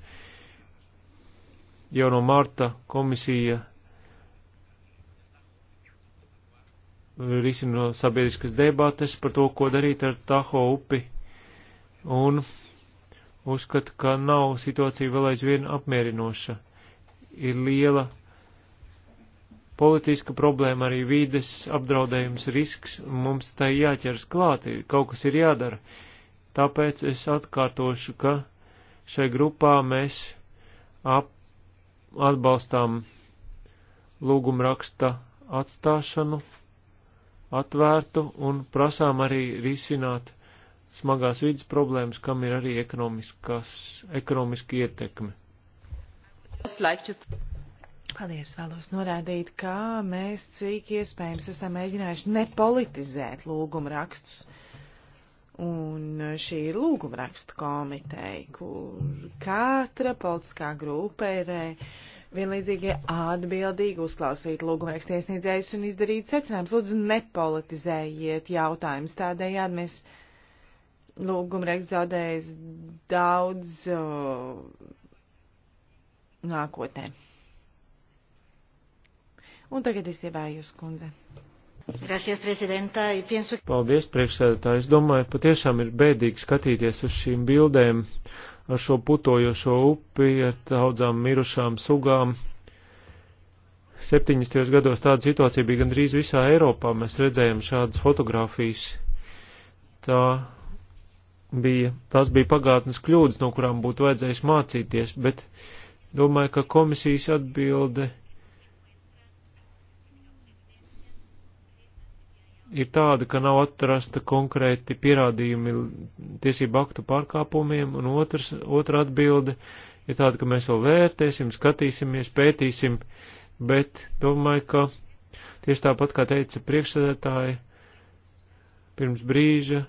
Jau no marta komisija risina sabiedriskas debates par to, ko darīt ar Taho upi. Un uzskata, ka nav situācija vēl aizvien apmierinoša. Ir liela politiska problēma, arī vīdes apdraudējums risks, mums tai jāķers klāt, kaut kas ir jādara. Tāpēc es atkārtošu, ka šai grupā mēs ap, atbalstām lūgumraksta atstāšanu atvērtu un prasām arī risināt smagās vidas problēmas, kam ir arī ekonomiski ietekme. Paldies, vēlos norādīt, kā mēs cik iespējams esam mēģinājuši nepolitizēt lūgumu rakstus. Un šī ir lūguma raksta komiteja, kur katra politiskā grupa ir eh, vienlīdzīgi atbildīgi uzklausīt lūguma raksta iesniedzējus un izdarīt secinājums. Lūdzu, nepolitizējiet jautājumus tādējādi mēs. Ja lūgumreks zaudējis daudz uh, nākotnē. Un tagad es ievējos kundze. Gracias, prezidentā. Piensu... Paldies, priekšsēdētāji. Es domāju, patiešām ir bēdīgi skatīties uz šīm bildēm ar šo putojošo upi, ar daudzām mirušām sugām. 70. gados tāda situācija bija gandrīz visā Eiropā. Mēs redzējām šādas fotogrāfijas. Tā bija, tās bija pagātnes kļūdas, no kurām būtu vajadzējis mācīties, bet domāju, ka komisijas atbilde ir tāda, ka nav atrasta konkrēti pierādījumi tiesību aktu pārkāpumiem, un otrs, otra atbilde ir tāda, ka mēs vēl vērtēsim, skatīsimies, pētīsim, bet domāju, ka tieši tāpat kā teica priekšsēdētāji pirms brīža,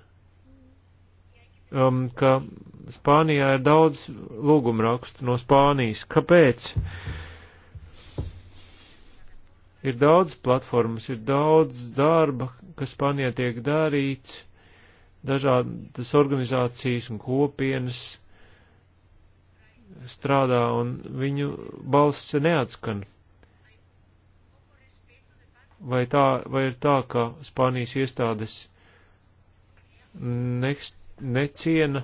um, ka Spānijā ir daudz lūgumrakstu no Spānijas. Kāpēc? Ir daudz platformas, ir daudz darba, kas Spānijā tiek darīts, dažādas organizācijas un kopienas strādā un viņu balss neatskan. Vai, tā, vai ir tā, ka Spānijas iestādes nekst, neciena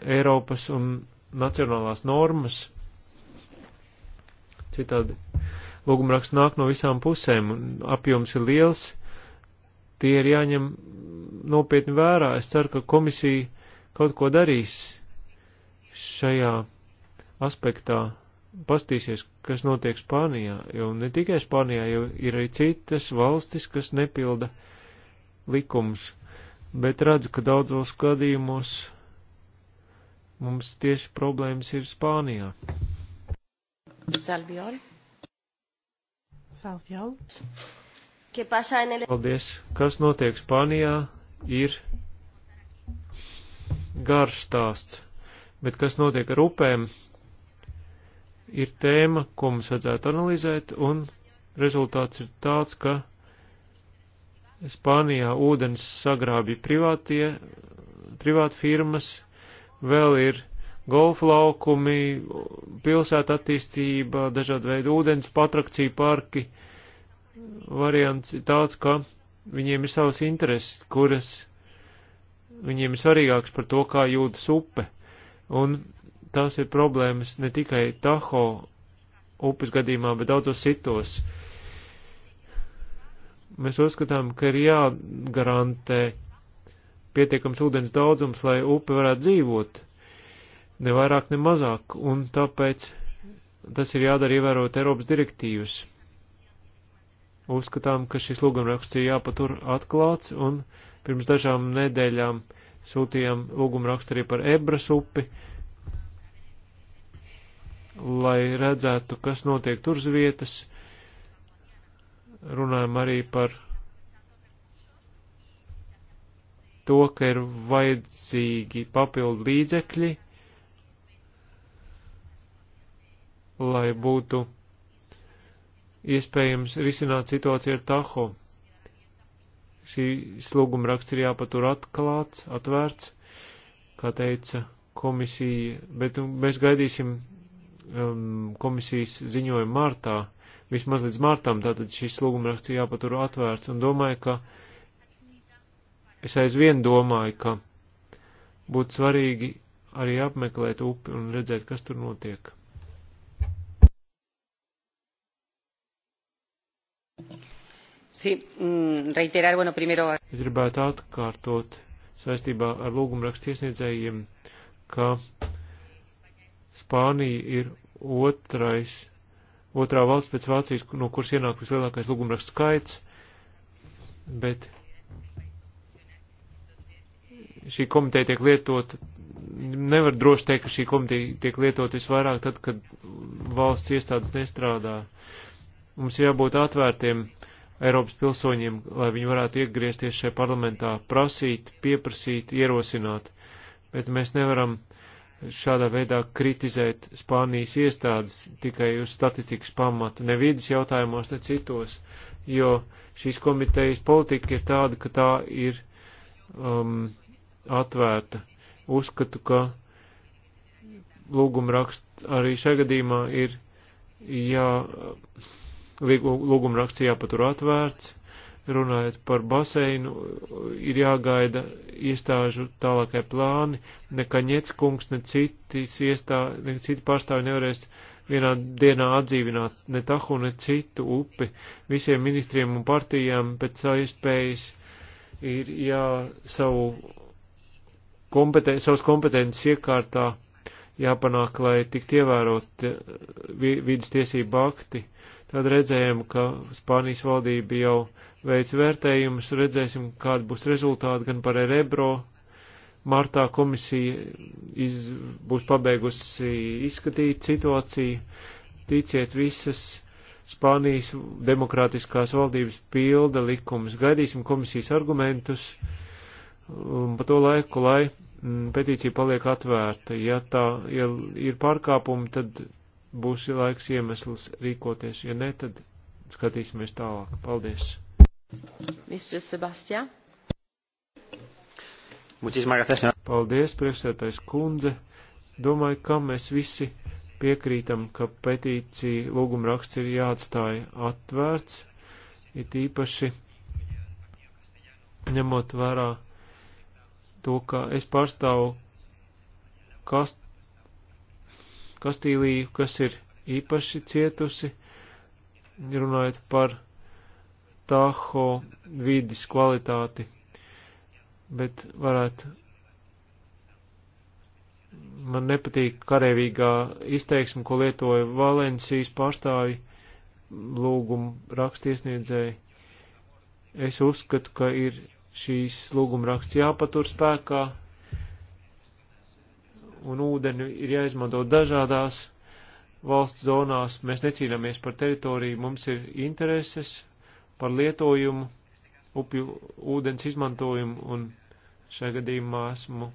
Eiropas un nacionālās normas. Citādi lūgumraksts nāk no visām pusēm un apjoms ir liels. Tie ir jāņem nopietni vērā. Es ceru, ka komisija kaut ko darīs šajā aspektā. Pastīsies, kas notiek Spānijā, jo ne tikai Spānijā, jo ir arī citas valstis, kas nepilda likums bet redzu, ka daudzos gadījumos mums tieši problēmas ir Spānijā. Salviol. Salviol. Paldies. Kas notiek Spānijā ir garš stāsts, bet kas notiek ar upēm ir tēma, ko mums vajadzētu analizēt, un rezultāts ir tāds, ka Spānijā ūdens sagrābi privātie, privāti firmas, vēl ir golf laukumi, pilsēta attīstība, dažādi veidi ūdens patrakciju parki. Variants ir tāds, ka viņiem ir savas intereses, kuras viņiem ir svarīgāks par to, kā jūtas upe. Un tās ir problēmas ne tikai Taho upes gadījumā, bet daudzos citos. Uh, Mēs uzskatām, ka ir jāgarantē pietiekams ūdens daudzums, lai upe varētu dzīvot, ne vairāk, ne mazāk, un tāpēc tas ir jādara ievērot Eiropas direktīvas. Uzskatām, ka šis lūgumraksts ir jāpatur atklāts, un pirms dažām nedēļām sūtījām lūgumrakstu arī par Ebras upi, lai redzētu, kas notiek tur uz vietas, runājam arī par to, ka ir vajadzīgi papildu līdzekļi, lai būtu iespējams risināt situāciju ar taho. Šī slūguma raksts ir jāpatur atklāts, atvērts, kā teica komisija, bet mēs gaidīsim um, komisijas ziņojumu martā vismaz līdz martam, tātad šis lūgumraksts ir jāpatur atvērts, un domāju, ka es aizvien domāju, ka būtu svarīgi arī apmeklēt upi un redzēt, kas tur notiek. Sí, mm, reiterar, bueno, primero... Es gribētu atkārtot saistībā ar lūgumrakstu iesniedzējiem, ka Spānija ir otrais otrā valsts pēc Vācijas, no kuras ienāk vislielākais lūgumrakstu skaits, bet šī komiteja tiek lietot, nevar droši teikt, ka šī komiteja tiek lietot visvairāk tad, kad valsts iestādes nestrādā. Mums ir jābūt atvērtiem Eiropas pilsoņiem, lai viņi varētu iegriezties šajā parlamentā, prasīt, pieprasīt, ierosināt, bet mēs nevaram šādā veidā kritizēt Spānijas iestādes tikai uz statistikas pamata, ne vidas jautājumos, ne citos, jo šīs komitejas politika ir tāda, ka tā ir um, atvērta. Uzskatu, ka lūgumraksts arī šajā gadījumā ir jā, lūgumraksts jāpatur atvērts, runājot par baseinu, ir jāgaida iestāžu tālākai plāni, ne Kaņets kungs, ne, iestā, ne citi pārstāvi nevarēs vienā dienā atdzīvināt ne tahu, ne citu upi. Visiem ministriem un partijām pēc savu iespējas ir jā savu kompeten savas kompetences iekārtā jāpanāk, lai tikt ievērot eh, vidas tiesību akti. Uh, Tad redzējām, ka Spānijas valdība jau veic vērtējumus, redzēsim, kāda būs rezultāti gan par Erebro. Martā komisija iz, būs pabeigusi izskatīt situāciju. Ticiet, visas Spānijas demokrātiskās valdības pilda likums. Gaidīsim komisijas argumentus pa to laiku, lai mm, petīcija paliek atvērta. Ja tā ja ir pārkāpumi, tad būs laiks iemesls rīkoties, ja ne, tad skatīsimies tālāk. Paldies! Mr. Sebastian. Paldies, priekšsētais kundze. Domāju, ka mēs visi piekrītam, ka petīcija lūguma raksts ir jāatstāja atvērts, it īpaši ņemot vērā to, ka es pārstāvu kast Kastīliju, kas ir īpaši cietusi, runājot par Taho vidas kvalitāti, bet varētu. Man nepatīk karēvīgā izteiksme, ko lietoja Valencijas pārstāvi lūgumu rakstiesniedzēji. Es uzskatu, ka ir šīs lūguma raksts jāpatur spēkā, un ūdeni ir jāizmanto dažādās valsts zonās. Mēs necīnāmies par teritoriju, mums ir intereses par lietojumu, upju ūdens izmantojumu, un šajā gadījumā esmu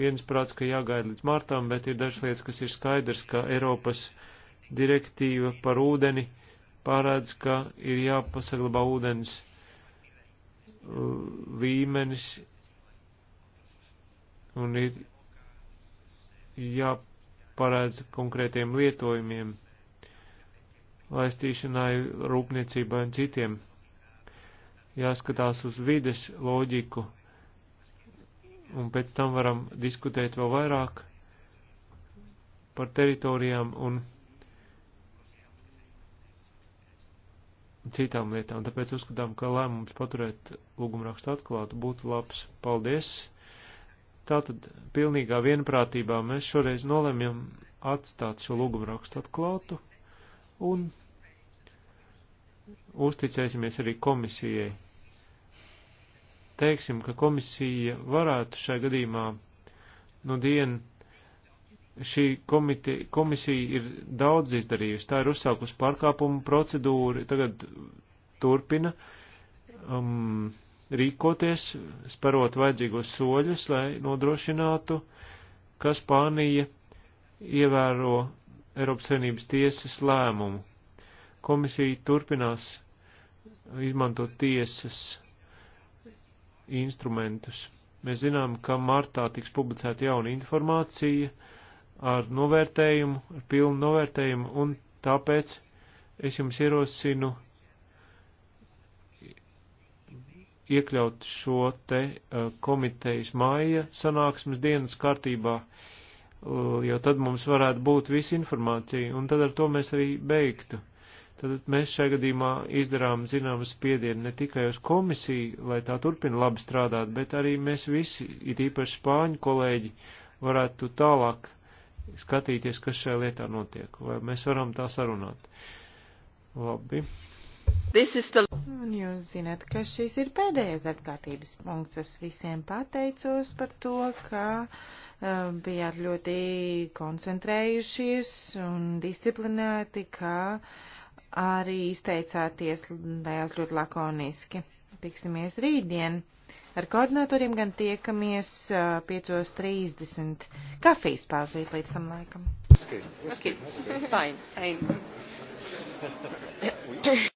viens prāts, ka jāgaida līdz martām, bet ir dažas lietas, kas ir skaidrs, ka Eiropas direktīva par ūdeni pārēdz, ka ir jāpasaglabā ūdens uh, līmenis un ir jāparādz konkrētiem lietojumiem, laistīšanai, rūpniecībai un citiem. Jāskatās uz vides loģiku, un pēc tam varam diskutēt vēl vairāk par teritorijām un citām lietām. Tāpēc uzskatām, ka lēmums paturēt lūgumrakstu atklātu būtu labs. Paldies! Tātad pilnīgā vienprātībā mēs šoreiz nolemjam atstāt šo lūgumu rakstu atklātu un uzticēsimies arī komisijai. Teiksim, ka komisija varētu šajā gadījumā nu dienu šī komite, komisija ir daudz izdarījusi. Tā ir uzsākusi pārkāpumu procedūru, tagad turpina. Um, rīkoties, sparot vajadzīgos soļus, lai nodrošinātu, ka Spānija ievēro Eiropas Savienības tiesas lēmumu. Komisija turpinās izmantot tiesas instrumentus. Mēs zinām, ka martā tiks publicēta jauna informācija ar novērtējumu, ar pilnu novērtējumu, un tāpēc es jums ierosinu iekļaut šo te uh, komitejas māja sanāksmes dienas kārtībā, uh, jo tad mums varētu būt visa informācija, un tad ar to mēs arī beigtu. Tad mēs šajā gadījumā izdarām zināmas spiedienu ne tikai uz komisiju, lai tā turpina labi strādāt, bet arī mēs visi, it īpaši spāņu kolēģi, varētu tālāk skatīties, kas šajā lietā notiek, vai mēs varam tā sarunāt. Labi. The... Un jūs zināt, ka šis ir pēdējais darbkārtības punkts. Es visiem pateicos par to, ka uh, bijāt ļoti koncentrējušies un disciplinēti, ka arī izteicāties tajās ļoti lakoniski. Tiksimies rītdien. Ar koordinatoriem gan tiekamies uh, eh, 5.30. Kafijas pauzīt līdz tam laikam. Okay. Okay. Fine. Fine.